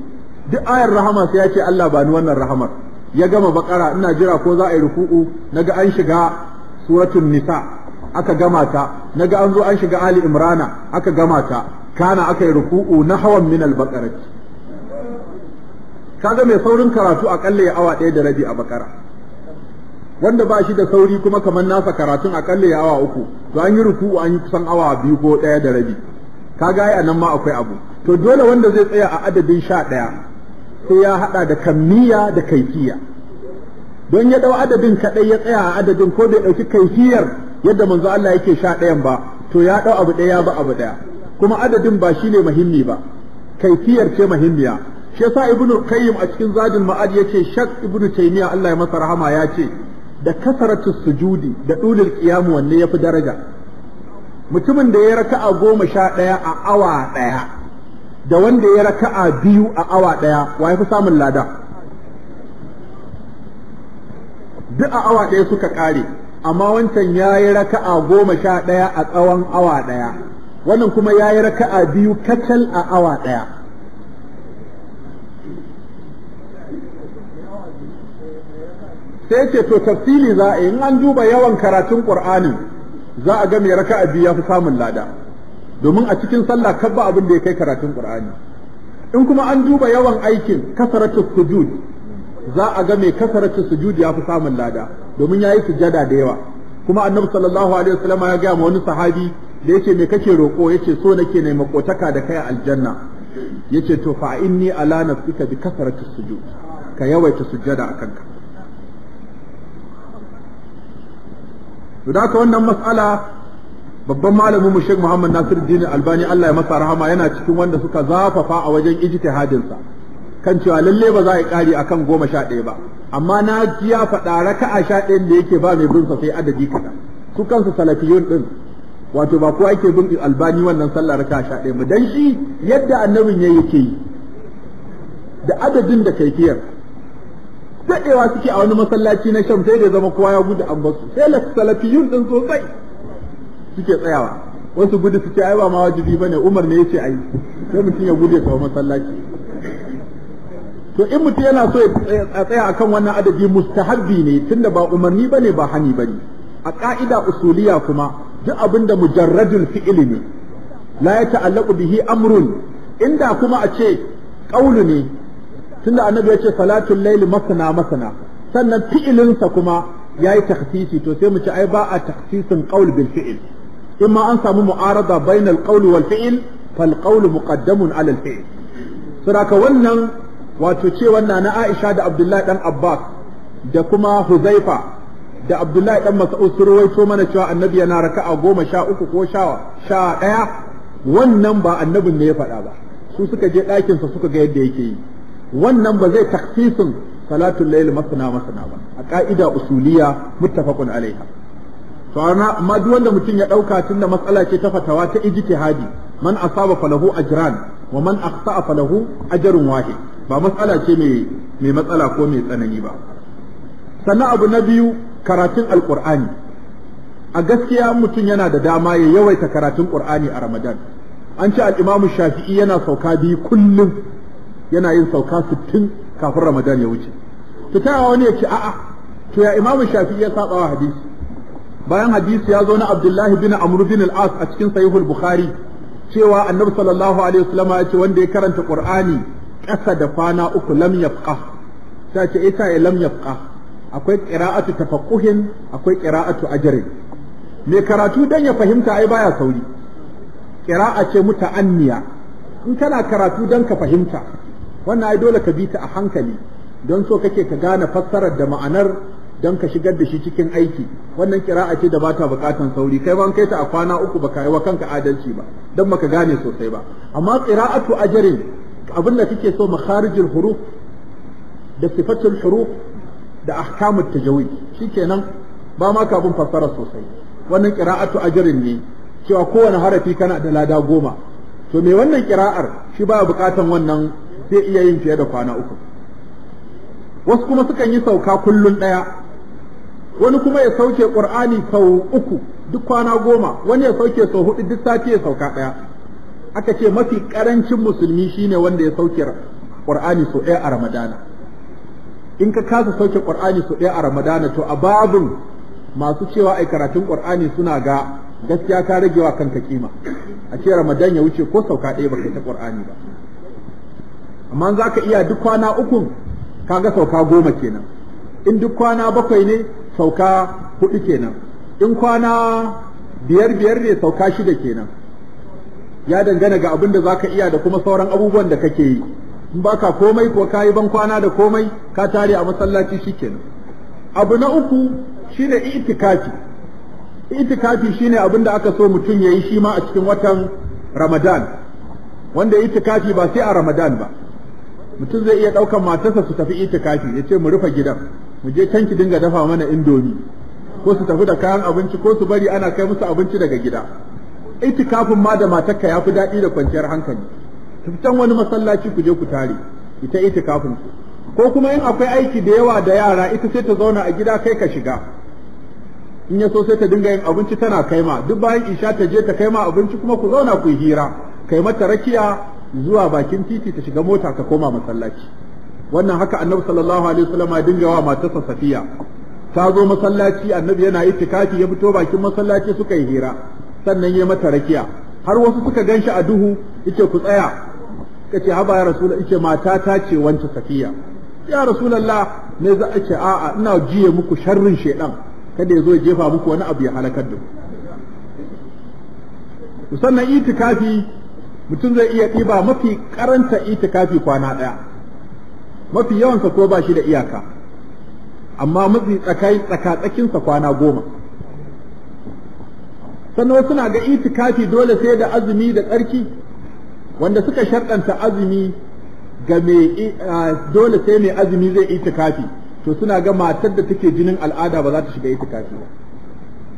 duk ayar rahama sai ya ce Allah bani wannan rahamar ya gama bakara ina jira ko za a yi ruku'u naga an shiga suratul nisa aka gama ta naga an zo an shiga ali imrana aka gama ta kana aka yi ruku'u na hawan min al-baqarati kaga mai saurin karatu akalla ya awa ɗaya da rabi a bakara wanda ba shi da sauri kuma kamar nasa karatun akalla ya awa uku to an yi ruku an yi kusan awa biyu ko ɗaya da rabi kaga ai anan ma akwai abu to dole wanda zai tsaya a adadin sha ɗaya sai ya haɗa da kammiya da kaifiya don ya ɗau adadin kaɗai ya tsaya a adadin ko bai ɗauki kaifiyar yadda manzo Allah yake sha ɗayan ba to ya ɗau abu ɗaya ba abu ɗaya kuma adadin ba shine muhimmi ba kaifiyar ce muhimmiya shi yasa ibnu qayyim a cikin zadul ma'ad yace shak ibnu taymiya Allah ya masa rahama ya ce da kasaratu sujudi da dulul qiyam wanne yafi daraja mutumin da ya raka'a goma sha ɗaya a awa ɗaya da wanda ya raka'a biyu a awa ɗaya wa fi samun lada duk a awa ɗaya suka ƙare amma wancan ya yi raka'a goma sha ɗaya a tsawon awa ɗaya wannan kuma ya yi raka'a biyu kacal a awa ɗaya sai ce to tafsili za a yi in an duba yawan karatun qur'anin za a ga mai raka'a biyu ya fi samun lada domin a cikin sallah ba abin da ya kai karatun qur'ani in kuma an duba yawan aikin kasaratu sujud za a ga mai kasaratu sujud ya fi samun lada domin ya yi sujada da yawa kuma annabi sallallahu alaihi wasallam ya ga wani sahabi da yace me kake roko yace so nake ne makotaka da kai aljanna yace to fa inni ala nafsika bi kasaratu sujud ka yawaita sujada akanka to da haka wannan mas'ala babban malamin mu Sheikh Muhammad Nasir Dini Albani Allah ya masa rahama yana cikin wanda suka zafafa a wajen ijtihadin sa kan cewa lalle ba za a yi ƙari akan goma sha ɗaya ba amma na ji ya faɗa raka'a sha ɗayan da yake ba mai bin sa sai adadi kaɗan su kansu salafiyun din wato ba kowa yake bin albani wannan sallar raka'a sha ɗaya ba dan shi yadda annabin ya yake yi da adadin da kai kiyar daɗewa suke a wani masallaci na sham sai da zama kowa ya gudu an basu sai salafiyun din sosai suke tsayawa wasu gudu suke ai ba ma wajibi bane Umar ne yace ai sai mutum ya gude kawo masallaci to in mutum yana so ya tsaya akan wannan adadi mustahabbi ne tunda ba umarni bane ba hani bane a ka'ida usuliya kuma duk abinda mujarradul fi'li ne la ya ta'allaqu bihi amrun inda kuma a ce ƙaulu ne tunda annabi ya ce salatul laili masana masana sannan fi'ilinsa kuma yayi takhsisi to sai mu ci ai ba a takhsisin qaul bil fi'il in ma an samu mu'arada bainal qaul wal fi'il fal qaul muqaddamun ala al fi'il saboda wannan wato ce wannan na Aisha da Abdullahi dan Abbas da kuma Huzaifa da Abdullahi dan Mas'ud sun ruwaito mana cewa annabi yana raka'a goma sha uku ko sha sha ɗaya wannan ba annabin ne ya faɗa ba su suka je ɗakinsa suka ga yadda yake yi wannan ba zai taksisin salatul layl masana masana ba a ka'ida usuliya muttafaqun alaiha to amma duk wanda mutum ya dauka tunda matsala ce ta fatawa ta ijtihadi man asaba falahu ajran wa man akhta'a falahu ajrun wahid ba matsala ce mai mai matsala ko mai tsanani ba sannan abu na biyu karatun alqur'ani a gaskiya mutum yana da dama ya yawaita karatun qur'ani a ramadan an ce al-imamu shafi'i yana sauka biyu kullum yana yin sauka sittin kafin ramadan ya wuce to ta wani ya ce a'a to ya imamu shafi ya saba wa hadisi bayan hadisi ya zo na abdullahi bin amr bin al-as a cikin sahihul bukhari cewa annabi sallallahu alaihi wasallam ya ce wanda ya karanta qur'ani ƙasa da kwana uku lam yafqa ta ce ita ya lam yafqa akwai qira'atu tafaqquhin akwai qira'atu ajrin mai karatu dan ya fahimta ai baya sauri qira'a ce muta'anniya in kana karatu dan ka fahimta wannan ai dole ka bi ta a hankali don so kake ka gane fassarar da ma'anar don ka shigar da shi cikin aiki wannan kira'a ce da bata bukatan sauri kai ban kai ta a kwana uku baka yi wa kanka adalci ba don maka gane sosai ba amma qira'atu ajrin abin da kake so makharijul huruf da sifatul huruf da ahkamut tajawid shikenan ba ma ka bin fassara sosai wannan qira'atu ajrin ne cewa kowane harafi kana da lada goma to me wannan kira'ar shi ba bukatan wannan sai iya yin fiye da kwana uku wasu kuma sukan yi sauka kullun ɗaya wani kuma ya sauke ƙur'ani sau uku duk kwana goma wani ya sauke sau hudu duk sati ya sauka ɗaya aka ce mafi ƙarancin musulmi shine wanda ya sauke ƙur'ani sau ɗaya a ramadana in ka kasa sauke ƙur'ani sau ɗaya a ramadana to a babin masu cewa ai karatun ƙur'ani suna ga gaskiya ta rage wa kanka kima a ce ramadan ya wuce ko sauka ɗaya baka ta ƙur'ani ba amma za ka iya duk kwana ukun kaga sauka goma kenan in duk kwana bakwai ne sauka hudu kenan in kwana biyar biyar ne sauka shida kenan ya dangana ga abin da za ka iya da kuma sauran abubuwan da kake yi in ba ka komai ko ka ban kwana da komai ka tare a masallaci shi kenan abu na uku shine itikafi itikafi shine abin da aka so mutum ya yi shi ma a cikin watan ramadan wanda itikafi ba sai a ramadan ba mutum zai iya ɗaukan matarsa su tafi itikafi ya ce mu rufe gidan mu je can dinga dafa mana indomi ko su tafi da kayan abinci ko su bari ana kai musu abinci daga gida itikafin ma da matarka ya fi daɗi da kwanciyar hankali fitan wani masallaci ku je ku tare ita itikafin ku ko kuma in akwai aiki da yawa da yara ita sai ta zauna a gida kai ka shiga in ya so sai ta dinga yin abinci tana kaima duk bayan isha ta je ta kaima abinci kuma ku zauna ku hira kai mata rakiya zuwa bakin titi ta shiga mota ka koma masallaci wannan haka annabi sallallahu alaihi wasallam ya dinga wa matarsa safiya ta zo masallaci annabi yana itikafi ya fito bakin masallaci suka yi hira sannan ya mata rakiya har wasu suka ganshi a duhu yace ku tsaya kace haba ya rasul yace mata ta ce wanta safiya ya rasulullah me za a ce a'a ina jiye muku sharrin shedan kada ya zo ya jefa muku wani abu ya halakar da ku sannan itikafi mutum zai iya ɗiba mafi karanta itikafi kwana ɗaya mafi yawansa ko ba shi da iyaka amma mafi tsakai tsakatsakinsa kwana goma sannan suna ga itikafi dole sai da azumi da tsarki wanda suka sharɗanta azumi ga mai dole sai mai azumi zai itikafi to suna ga matar da take jinin al'ada ba za ta shiga itikafi ba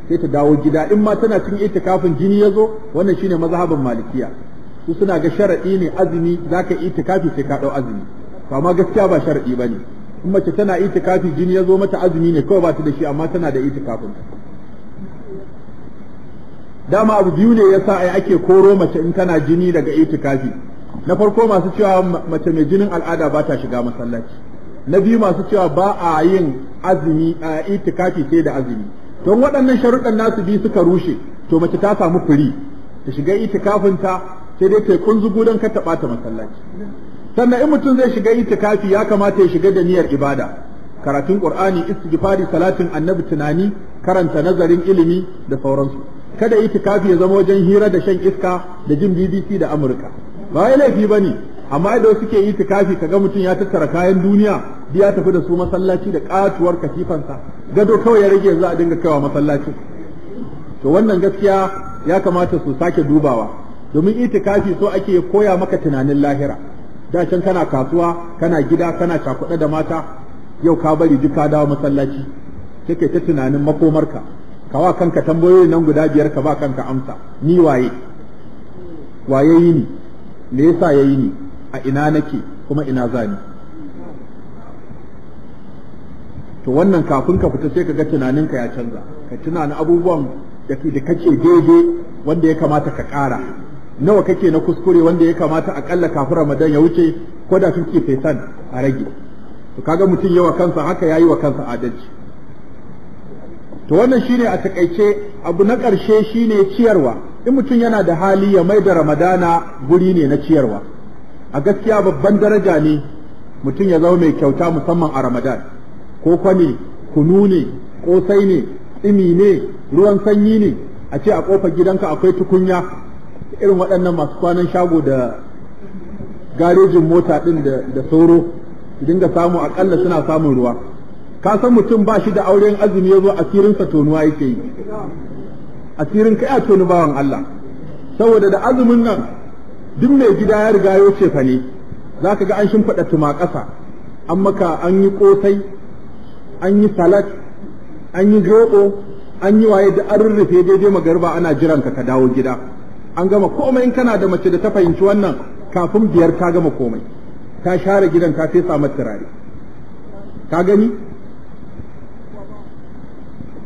sai ta dawo gida in ma tana cin itikafin jini ya zo wannan shine mazhabin malikiya su suna ga sharaɗi ne azumi zaka yi itikafi sai ka dau azumi to amma gaskiya ba sharaɗi bane in mace tana itikafi jini ya zo mata azumi ne kawai ba ta da shi amma tana da itikafin dama abu biyu ne yasa ai ake koro mace in tana jini daga itikafi na farko masu cewa mace mai jinin al'ada ba ta shiga masallaci na biyu masu cewa ba a yin azumi a itikafi sai da azumi don waɗannan sharuɗan nasu biyu suka rushe to mace ta samu firi ta shiga ta. sai dai kai zugu don ka taɓa ta masallaci sannan in mutum zai shiga itikafi ya kamata ya shiga da niyyar ibada karatun qur'ani istighfari salatin annabi tunani karanta nazarin ilimi da sauransu kada itikafi ya zama wajen hira da shan iska da jin BBC da Amurka ba yana laifi bane amma idan suke itikafi kaga mutum ya tattara kayan duniya ya tafi da su masallaci da katuwar sa. gado kawai ya rage yanzu a dinga kaiwa masallaci to wannan gaskiya ya kamata su sake dubawa domin itikafi so ake koya maka tunanin lahira da can kana kasuwa kana gida kana cakuɗa da mata yau ka bari duk ka dawo masallaci Kake ta tunanin makomarka wa kanka tambayoyi nan guda biyar ka ba kanka amsa ni waye waye yi ni me yasa yayi ni a ina nake kuma ina zani to wannan kafin ka fita sai ka ga tunaninka ya canza ka tuna tunani abubuwan da kake daidai wanda ya kamata ka ƙara nawa kake na kuskure wanda ya kamata akalla kafin Ramadan ya wuce ko da kake fesan a rage to kaga mutum yawa kansa haka yayi wa kansa adalci to wannan shine a takaice abu na ƙarshe shine ciyarwa in mutum yana da hali ya mai da Ramadana guri ne na ciyarwa a gaskiya babban daraja ne mutum ya zama mai kyauta musamman a Ramadan ko kwani kunu ne kosai ne tsimi ne ruwan sanyi ne a ce a kofar gidanka akwai tukunya irin waɗannan masu kwanan shago da garejin mota ɗin da sauro dinga samu aƙalla suna samun ruwa ka san mutum ba shi da auren azumi ya zo sa tonuwa yake yi asirin kai a tonu bawan Allah saboda da azumin nan duk mai gida ya riga ya ce fa za ka ga an shimfiɗa tuma ƙasa an maka an yi ƙosai an yi salat an yi roƙo an yi waye da an rurrufe daidai magarba ana jiran ka ka dawo gida an gama komai in kana da mace da ta fahimci wannan kafin biyar ka gama komai ta share gidan ta fesa mata turare ka gani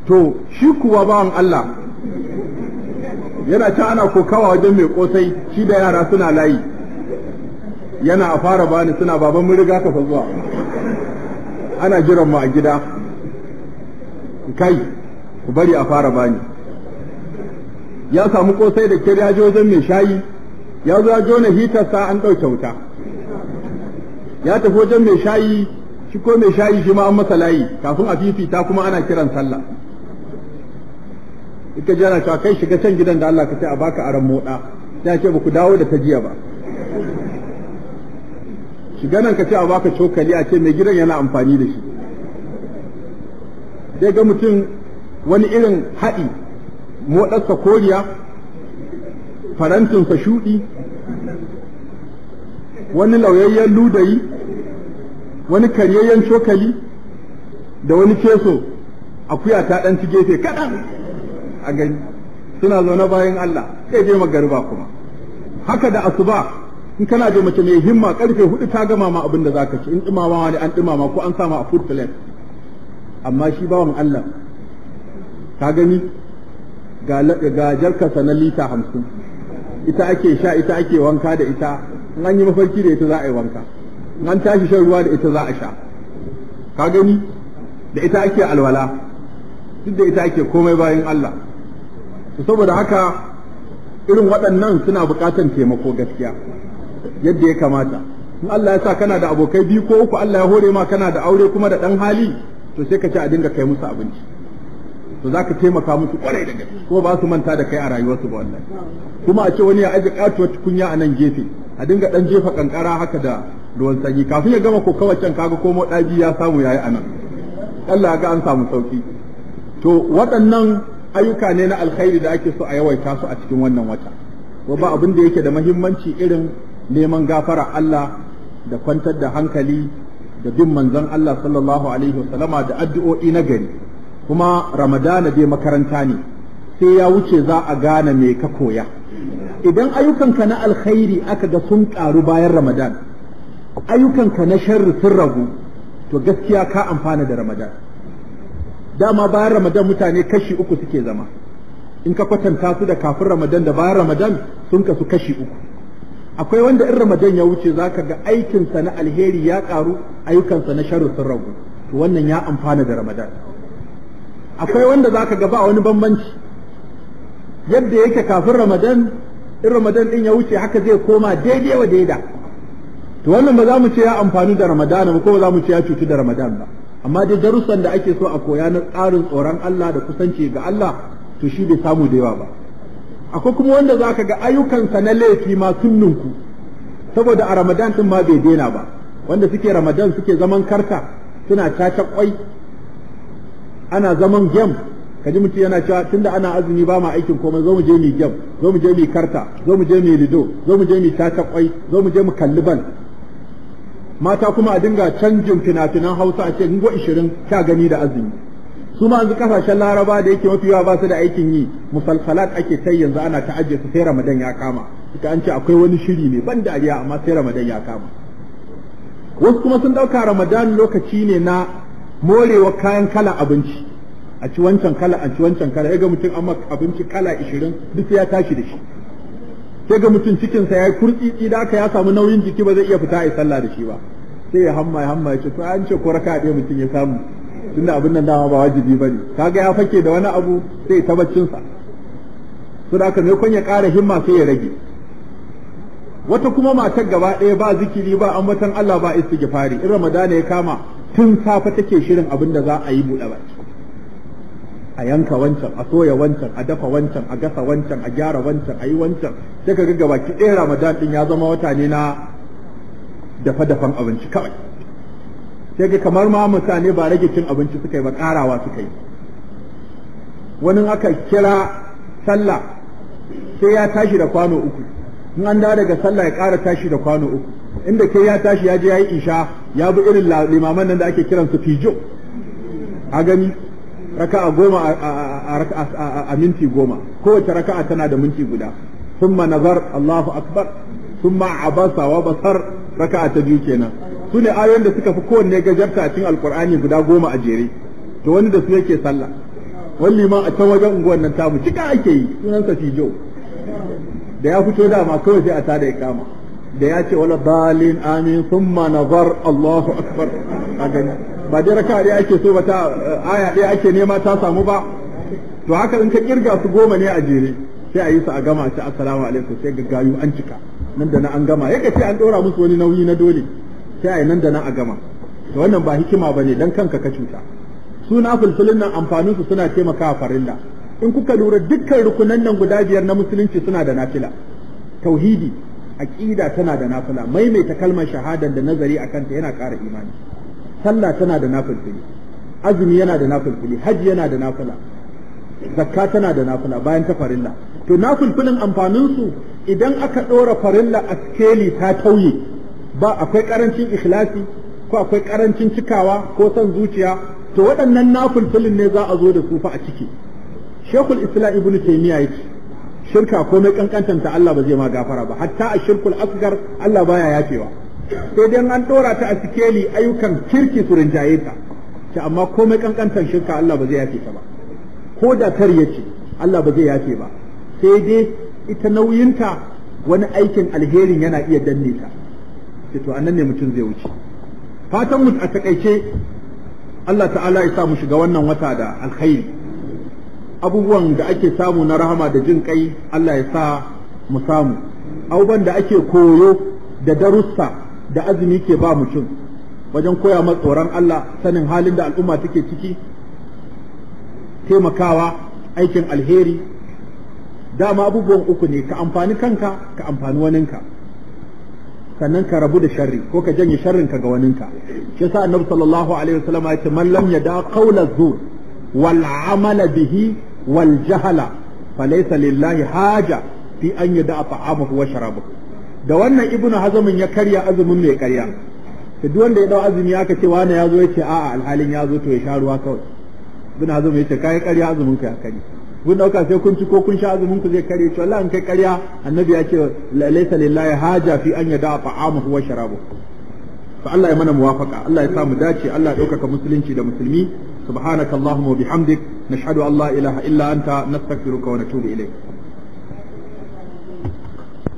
to shi kuwa bawan Allah yana ta ana kokawa wajen mai kosai shi da yara suna layi yana a fara bani suna baban mun riga ka zuwa ana jiran mu a gida kai ku bari a fara bani ya samu kosai da kyar ya wajen mai shayi ya zo ya jona hitarsa an ɗauke wuta ya tafi wajen mai shayi shi ko mai shayi shi ma an masa layi kafin a fifita kuma ana kiran sallah ita jana cewa kai shiga can gidan da Allah ka ce a baka aran moda sai ce ba ku dawo da ta jiya ba shiga nan ka ce a baka cokali a ce mai gidan yana amfani da shi dai ga mutum wani irin haɗi moɗarsa koriya farantinsa shuɗi wani lauyayyen ludayi wani karyayyen cokali da wani keso akuya ta ɗan ci gefe kaɗan a gani suna zaune bayan Allah sai je magariba kuma haka da asuba in kana da mace mai himma karfe hudu ta gama ma abin da zaka ci in dumama wani an dumama ko an sama a food plate amma shi bawan Allah ka gani ga jarkarsa na lita hamsin ita ake sha ita ake wanka da ita in an yi mafarki da ita za a yi wanka in an tashi shan ruwa da ita za a sha ka gani da ita ake alwala duk da ita ake komai bayan Allah saboda haka irin waɗannan suna buƙatar taimako gaskiya yadda ya kamata in Allah ya sa kana da abokai biyu ko uku Allah ya hore ma kana da aure kuma da ɗan hali to sai ka ci a dinga kai musu abinci to za ka taimaka musu kwarai da gaske Kuma ba su manta da kai a rayuwarsu ba wallahi kuma a ce wani ya aje katuwar tukunya a nan gefe a dinga dan jefa kankara haka da ruwan sanyi kafin ya gama kokawacen kaga komo daji ya samu yayi a nan Allah ga an samu sauki to waɗannan ayyuka ne na alkhairi da ake so a yawaita su a cikin wannan wata ko ba abin da yake da mahimmanci irin neman gafara Allah da kwantar da hankali da bin manzon Allah sallallahu alaihi wasallama da addu'o'i na gari kuma ramadana dai makaranta ne sai ya wuce za a gane me ka koya idan ayyukanka na alkhairi aka ga sun karu bayan ramadan ayyukanka na sharri sun ragu to gaskiya ka amfana da ramadan dama bayan ramadan mutane kashi uku suke zama in ka kwatanta su da kafin ramadan da bayan ramadan sun kasu kashi uku akwai wanda in ramadan ya wuce za ka ga aikinsa na alheri ya karu ayyukansa na sharri sun ragu to wannan ya amfana da ramadan akwai wanda zaka ga ba wani bambanci yadda yake kafin ramadan in ramadan din ya wuce haka zai koma daidai wa daida to wannan ba za mu ce ya amfani da ramadan ba ko ba za mu ce ya cutu da ramadan ba amma dai darussan da ake so a koya na tsarin tsoron Allah da kusanci ga Allah to shi bai samu da yawa ba akwai kuma wanda zaka ga ayyukansa na laifi ma sun saboda a ramadan din ma bai daina ba wanda suke ramadan suke zaman karka suna caca kwai ana zaman gem kaji mutum yana cewa tunda ana azumi ba ma aikin komai zo mu je mu gem zo mu je mu karta zo mu je mu lido zo mu je mu tata kwai zo mu je mu kalli bal mata kuma a dinga canjin fina-finan hausa a ce ngo ishirin sha gani da azumi su ma yanzu kasashen laraba da yake mafi yawa ba su da aikin yi musalsalat ake ta yanzu ana ta ajiye su sai ramadan ya kama ita an ce akwai wani shiri ne ban dariya amma sai ramadan ya kama wasu kuma sun ɗauka ramadan lokaci ne na morewa kayan kala abinci a ci wancan kala a ci wancan kala ya ga mutum amma abinci kala 20 duk ya tashi da shi sai ga mutum cikinsa ya yi kurɗi da aka ya samu nauyin jiki ba zai iya fita a yi sallah da shi ba sai ya hamma ya hamma ya ce to an ce ko raka ɗaya mutum ya samu tunda abin nan dama ba wajibi ba ne kaga ya fake da wani abu sai ta baccinsa su da maimakon ya ƙara himma sai ya rage wata kuma matar gaba ɗaya ba zikiri ba ambatan Allah ba istighfari in ramadana ya kama tun safe take shirin abin da za a yi buɗe baki a yanka wancan a soya wancan a dafa wancan a gasa wancan a gyara wancan a yi wancan sai ka ga baki ɗaya ramadan ɗin ya zama wata ne na dafa-dafan abinci kawai sai ga kamar ma mutane ba rage cin abinci suka yi ba ƙarawa suka yi wani aka kira sallah sai ya tashi da kwano uku in an dawo daga sallah ya ƙara tashi da kwano uku inda kai ya tashi ya je ya yi isha ya bi irin limaman nan da ake kiran su fijo a gani a goma a minti goma kowace raka'a tana da minti guda thumma nazar Allahu akbar thumma abasa wa basar raka'a ta biyu kenan su ne ayoyin da suka fi kowanne gajarta a cikin alkur'ani guda goma a jere to wani da su yake sallah wani liman a can wajen unguwar nan tamu cika ake yi sunansa fijo da ya fito dama kawai sai a tada ya kama da ya ce wala balin amin thumma nazar Allahu akbar a gani ba dai raka ɗaya ake so ba ta eh, aya ɗaya ake nema ta samu ba to haka in ka kirga su goma ne a jere sai a yi su a gama shi assalamu alaikum sai gaggayu an cika nan da nan an gama yake sai an ɗora musu wani nauyi na dole sai a yi nan da nan a gama to wannan ba hikima bane dan kanka ka cuta su na fulfulin nan amfaninsu suna taimakawa farilla in kuka lura dukkan rukunan nan guda biyar na musulunci suna da nafila tauhidi aqida tana da nafila maimaita kalmar shahada da nazari akan ta yana ƙara imani sallah tana da nafilfili azumi yana da nafilfili Haji yana da nafila zakka tana da nafila bayan ta farilla to nafilfilin amfanin su idan aka ɗora farilla a skeli ta tauye ba akwai karancin ikhlasi ko akwai karancin cikawa ko son zuciya to waɗannan nafilfilin ne za a zo da su fa a ciki shekul islam ibnu ya ce. shirka komai kankantanta Allah ba zai ma gafara ba hatta a shirkul asgar Allah baya yafewa sai dai an dora ta a sikeli ayyukan kirki su rinjaye ta ce amma komai kankantan shirka Allah ba zai yafe ta ba ko da kar ce Allah ba zai yafe ba sai dai ita nauyinta wani aikin alherin yana iya danne ta to annan ne mutum zai wuce fatan mu a takaice Allah ta'ala ya sa mu shiga wannan wata da alkhairi abubuwan da ake samu na rahama da jin kai Allah ya sa mu samu abubuwan da ake koyo da darussa da azumi ke ba mutum wajen koya ma tsoron Allah sanin halin da al'umma take ciki taimakawa aikin alheri dama abubuwan uku ne ka amfani kanka ka amfani waninka sannan ka rabu da sharri ko ka janye sharrin ka ga waninka shi yasa annabi sallallahu alaihi wasallam ya ce man lam yada qawla zur wal amala bihi wal jahala falaysa lillahi haja fi an yada ta'amahu wa da wannan ibnu hazamin ya karya azumin mai karya to duk wanda ya dau azumi aka ce wani ya zo yace a'a alhalin ya zo to ya sha ruwa kawai ibnu hazamin ya ce kai karya azumin ka ya karya kun dauka sai kun ci ko kun sha azumin ku zai karye to Allah in kai karya annabi ya ce laysa lillahi haja fi an yada ta'amahu wa sharabahu fa Allah ya mana muwafaqa Allah ya sa mu dace Allah ya dauka musulunci da musulmi سبحانك اللهم وبحمدك نشهد أن لا إله إلا أنت نستغفرك ونتوب إليك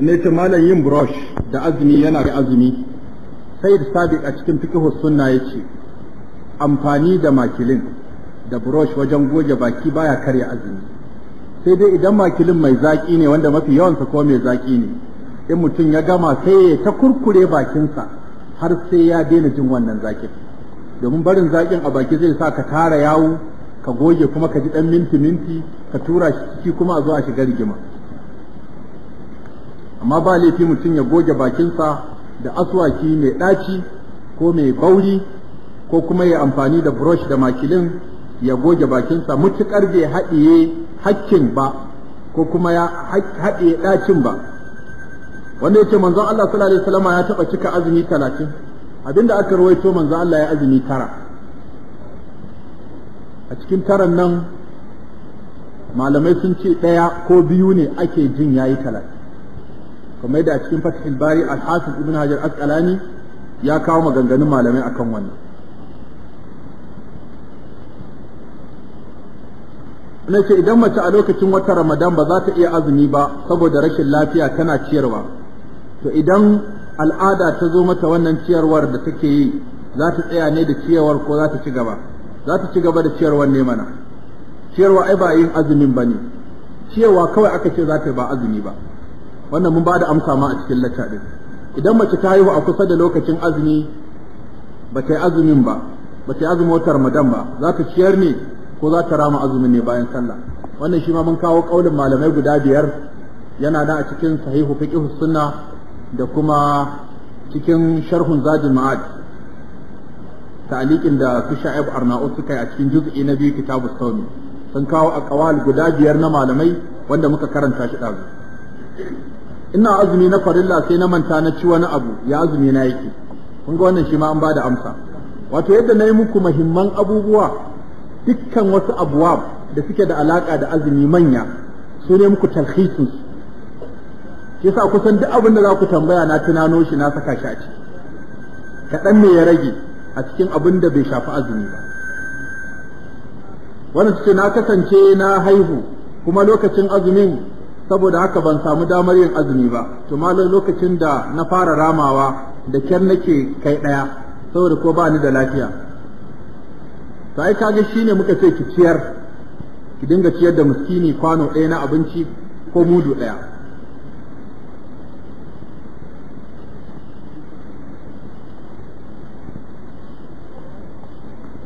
nace malam yin burush da azumi yana da azumi sai da sadiq a cikin fiqhu sunna ce, amfani da makilin da burush wajen goge baki baya karya azumi sai dai idan makilin mai zaƙi ne wanda mafi yawansa ko mai zaƙi ne in mutum ya gama sai ya ta kurkure bakinsa har sai ya daina jin wannan zakin domin barin zaƙin a baki zai sa ka tara yawo ka goge kuma ka ji ɗan minti minti ka tura shi kuma a zo a shiga rigima amma ba laifi mutum ya goge bakinsa da aswaki mai ɗaci ko mai bauri ko kuma ya amfani da brush da makilin ya goge bakinsa mutuƙar bai haɗiye hakkin ba ko kuma ya haɗiye ɗacin ba wanda ya ce manzon Allah sallallahu alaihi wasallam ya taɓa cika azumi talatin abinda aka rawaito manzo Allah ya azumi tara a cikin taran nan malamai sun ce ɗaya ko biyu ne ake jin yayi talatin kamar da a cikin fathul bari al-hafiz ibn hajar asqalani ya kawo maganganun malamai akan wannan na ce idan mace a lokacin wata ramadan ba za ta iya azumi ba saboda rashin lafiya tana ciyarwa to idan al'ada ta zo mata wannan ciyarwar da take yi za ta tsaya ne da ciyarwar ko za ta ci gaba za ta ci gaba da ciyarwar ne mana ciyarwa ai ba yin azumin ba ne ciyarwa kawai aka ce za ta ba azumi ba wannan mun ba amsa ma a cikin lacca ɗin idan mace ta haihu a kusa da lokacin azumi ba ta yi azumin ba ba ta yi azumin wata ramadan ba za ta ciyar ne ko za ta rama azumin ne bayan sallah wannan shi ma mun kawo kaulin malamai guda biyar yana da a cikin sahihu fiqhu sunna da kuma cikin sharhun zajin ma'ad ta'aliƙin da su sha'ib arna'u suka yi a cikin juz'i na biyu kitabu sauni sun kawo a ƙawal guda biyar na malamai wanda muka karanta shi ɗazu ina azumi na farilla sai na manta na ci wani abu ya azumi na yake kun ga wannan shi ma an bada amsa wato yadda na yi muku mahimman abubuwa dukkan wasu abuwa da suke da alaka da azumi manya su ne muku talhisinsu shi sa kusan duk abin da za ku tambaya na tunano shi na saka shi a ciki kaɗan ne ya rage a cikin abin da bai shafi azumi ba wani su na kasance na haihu kuma lokacin azumin saboda haka ban samu damar yin azumi ba to malam lokacin da na fara ramawa da kyar nake kai ɗaya saboda ko ba ni da lafiya to ai kage shine muka ce ki ciyar ki dinga ciyar da muskini kwano ɗaya na abinci ko mudu ɗaya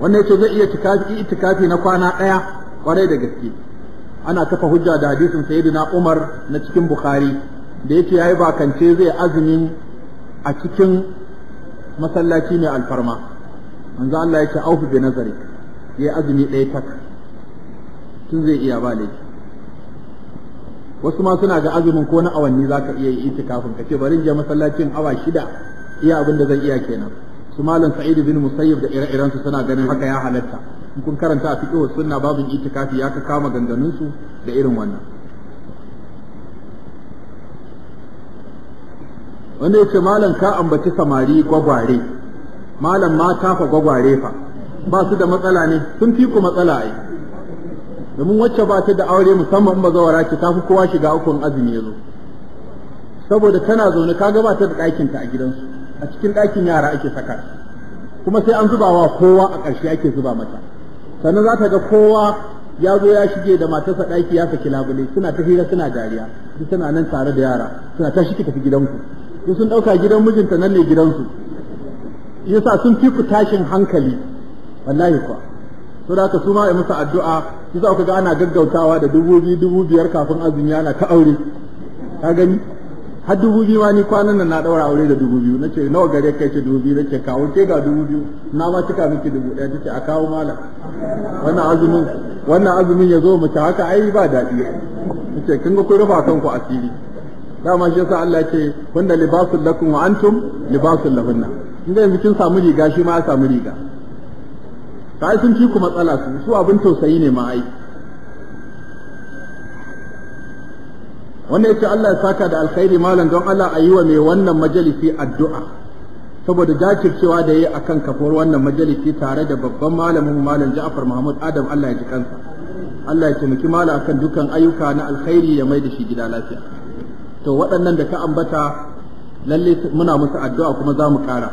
wanda yake zai iya tikafi itikafi na kwana ɗaya kwarai da gaske ana kafa hujja da hadisin sayyidina Umar na cikin Bukhari da yake yayi bakance zai azumin a cikin masallaci mai alfarma manzo Allah yake aufu bi nazari yayi azumi ɗaya tak tun zai iya ba wasu ma suna ga azumin ko na awanni zaka iya yi itikafin kace bari je masallacin awa shida iya abin da zan iya kenan malam sa'id bin musayyib da ire-iren su suna ganin haka ya halatta in kun karanta a fiqh sunna babin itikafi ya ka kama ganganun su da irin wannan wanda yace malam ka ambaci samari gwagware malam ma ta fa gwagware fa ba su da matsala ne sun fi ku matsala ai domin wacce ba ta da aure musamman ba zawara ki ta fi kowa shiga ukun azumi yazo saboda tana zaune kaga ba ta da ɗakinta a gidansu a cikin ɗakin yara ake saka kuma sai an zuba wa kowa a ƙarshe ake zuba mata sannan za ta ga kowa ya zo ya shige da matarsa ɗaki ya saki labule suna ta hira suna dariya duk suna nan tare da yara suna ta shi tafi gidanku duk sun ɗauka gidan mijinta nan ne gidansu yasa sun fi ku tashin hankali wallahi kuwa to da haka su ma musu addu'a yasa ku ga ana gaggautawa da dubu biyu dubu biyar kafin azumi ana ka aure ka gani har dubu biyu ma ni kwanan nan na ɗaura aure da dubu biyu na ce nawa gare kai ce dubu biyu na ce kawo ke ga dubu biyu na ma cika miki dubu ɗaya ta ce a kawo malam wannan azumin wannan azumin ya zo mace haka ai ba daɗi ce kin ga kun rufa kanku asiri dama shi yasa Allah ce wanda libasul lakum wa antum libasul lahunna in dai mutun samu riga shi ma ya samu riga ta sun ci ku matsala su su abin tausayi ne ma ai wanda ce Allah ya saka da alkhairi malam don Allah a yi wa mai wannan majalisi addu'a saboda jajircewa da yi akan kafar wannan majalisi tare da babban malamin malam Ja'far Muhammad Adam Allah ya ji kansa Allah ya taimaki malam akan dukkan ayyuka na alkhairi ya mai da shi gida lafiya to waɗannan da ka ambata lalle muna musu addu'a kuma za mu ƙara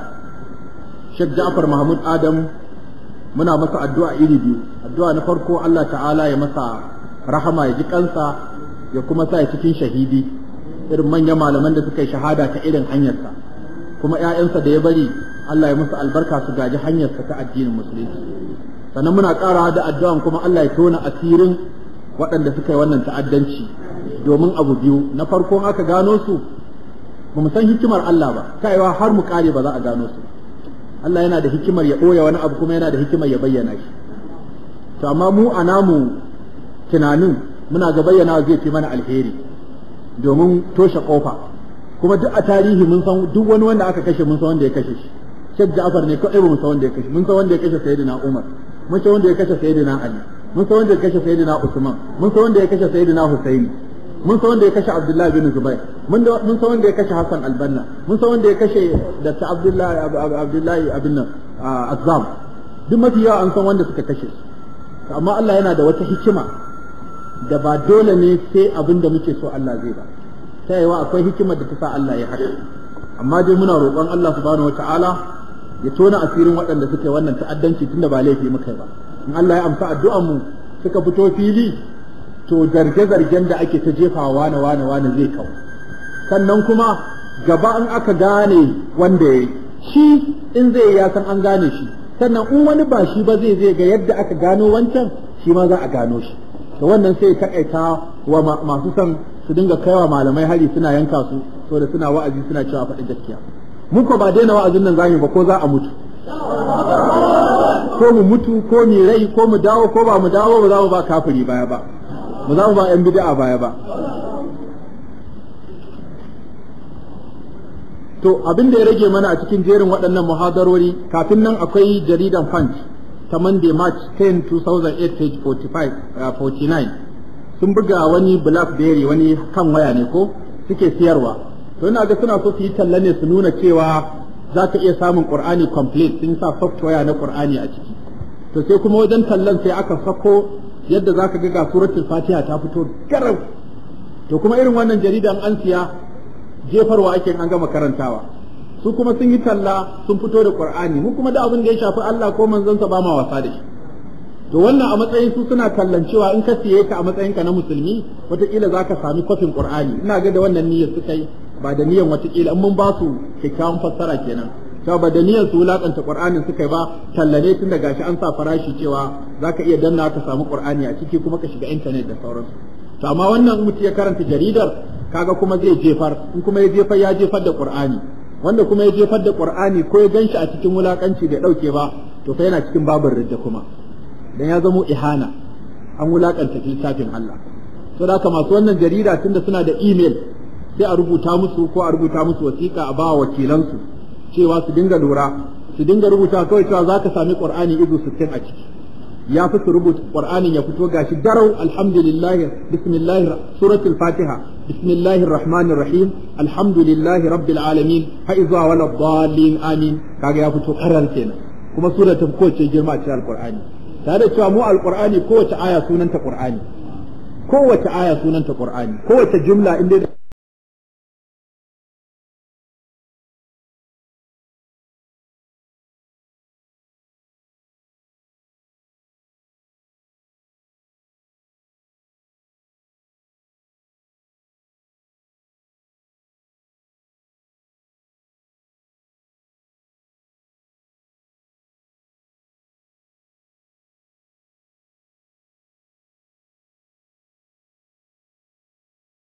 Sheikh Ja'far Mahmud Adam muna masa addu'a iri biyu addu'a na farko Allah ta'ala ya masa rahama ya ji kansa ya kuma sa cikin shahidi irin manyan malaman da suka yi shahada ta irin hanyarsa kuma ‘ya'yansa da ya bari Allah ya musu albarka su gaji hanyarsa ta addinin musulunci sannan muna ƙara da addu'an kuma Allah ya tona asirin waɗanda suka yi wannan ta'addanci domin abu biyu na farko aka gano su ba mu san hikimar Allah ba kaiwa har mu kare ba za a gano su Allah yana da hikimar ya ɓoye wani abu kuma yana da hikimar ya bayyana shi to amma mu a namu tunanin muna ga bayyana zai fi mana alheri domin toshe kofa kuma duk a tarihi mun san duk wani wanda aka kashe mun san wanda ya kashe shi Sheikh Ja'far ne kai mun san wanda ya kashe mun san wanda ya kashe Sayyidina Umar mun san wanda ya kashe Sayyidina Ali mun san wanda ya kashe Sayyidina Usman mun san wanda ya kashe Sayyidina Hussein, mun san wanda ya kashe Abdullahi bin Zubair mun mun san wanda ya kashe Hassan al-Banna mun san wanda ya kashe Dr. Abdullah Abdullahi abin Azzam duk mafi yawa an san wanda suka kashe amma Allah yana da wata hikima da ba dole ne sai abin da muke so Allah zai ba ta yawa akwai hikimar da ta sa Allah ya haka amma dai muna roƙon Allah subhanahu ta'ala ya tona asirin waɗanda suke wannan ta'addanci tunda ba laifi muka ba in Allah ya amsa addu'ar mu suka fito fili to zarge-zargen da ake ta jefawa wane wane wane zai kawo sannan kuma gaba in aka gane wanda ya yi shi in zai ya san an gane shi sannan in wani ba shi ba zai zai ga yadda aka gano wancan shi ma za a gano shi to wannan sai takaita wa masu son su dinga kaiwa malamai hari suna yanka su to da suna wa'azi suna cewa faɗin gaskiya mu ko ba daina wa'azin nan zamu ba ko za a mutu ko mu mutu ko ni rai ko mu dawo ko ba mu dawo ba za mu ba kafiri baya ba mu za mu ba yan bid'a baya ba to abin da ya rage mana a cikin jerin waɗannan muhadarori kafin nan akwai jaridan punch ta Monday March 10 2008 page 45 uh, 49 sun buga wani BlackBerry wani kan waya ne ko suke siyarwa to ina ga suna so su yi talla ne su nuna cewa za ka iya samun Qur'ani complete sun sa software na Qur'ani a ciki to sai kuma wajen tallan sai aka sako yadda za ka ga suratul Fatiha ta fito garau to kuma irin wannan jaridan an siya jefarwa ake an gama karantawa su kuma sun yi talla sun fito da qur'ani mu kuma da abin da ya shafi Allah ko manzonsa ba ma wasa da shi to wannan a matsayin su suna tallancewa in ka siye ka a matsayin ka na musulmi wataƙila za ka sami kofin ƙur'ani. ina ga da wannan niyyar su kai, ba da niyyar wataƙila in mun ba su kyakkyawan fassara kenan To ba da niyyar su wulakanta qur'anin suka kai ba tallane tun daga shi an sa farashi cewa za ka iya danna ka samu qur'ani a ciki kuma ka shiga intanet da sauransu to amma wannan mutum ya karanta jaridar kaga kuma zai jefar in kuma ya jefar ya jefar da qur'ani wanda kuma ya jefar da qur'ani ko ya ganshi a cikin wulakanci bai dauke ba to fa yana cikin babin ridda kuma dan ya zamo ihana an wulakanta littafin Allah to da haka masu wannan jarida tunda suna da email sai a rubuta musu ko a rubuta musu wasiƙa a ba wakilansu cewa su dinga lura su dinga rubuta kawai cewa ka sami qur'ani izu 60 a ciki ya fi su rubuta qur'anin ya fito gashi darau alhamdulillah bismillah suratul fatiha بسم الله الرحمن الرحيم الحمد لله رب العالمين حيزا ولا الضالين آمين كاقا يفتو قرر كينا كما سورة تفكوة جرماء القرآن تهدى تشامو القرآن كوة آية سننت قرآن كوة آية سننت قرآن كوة جملة إن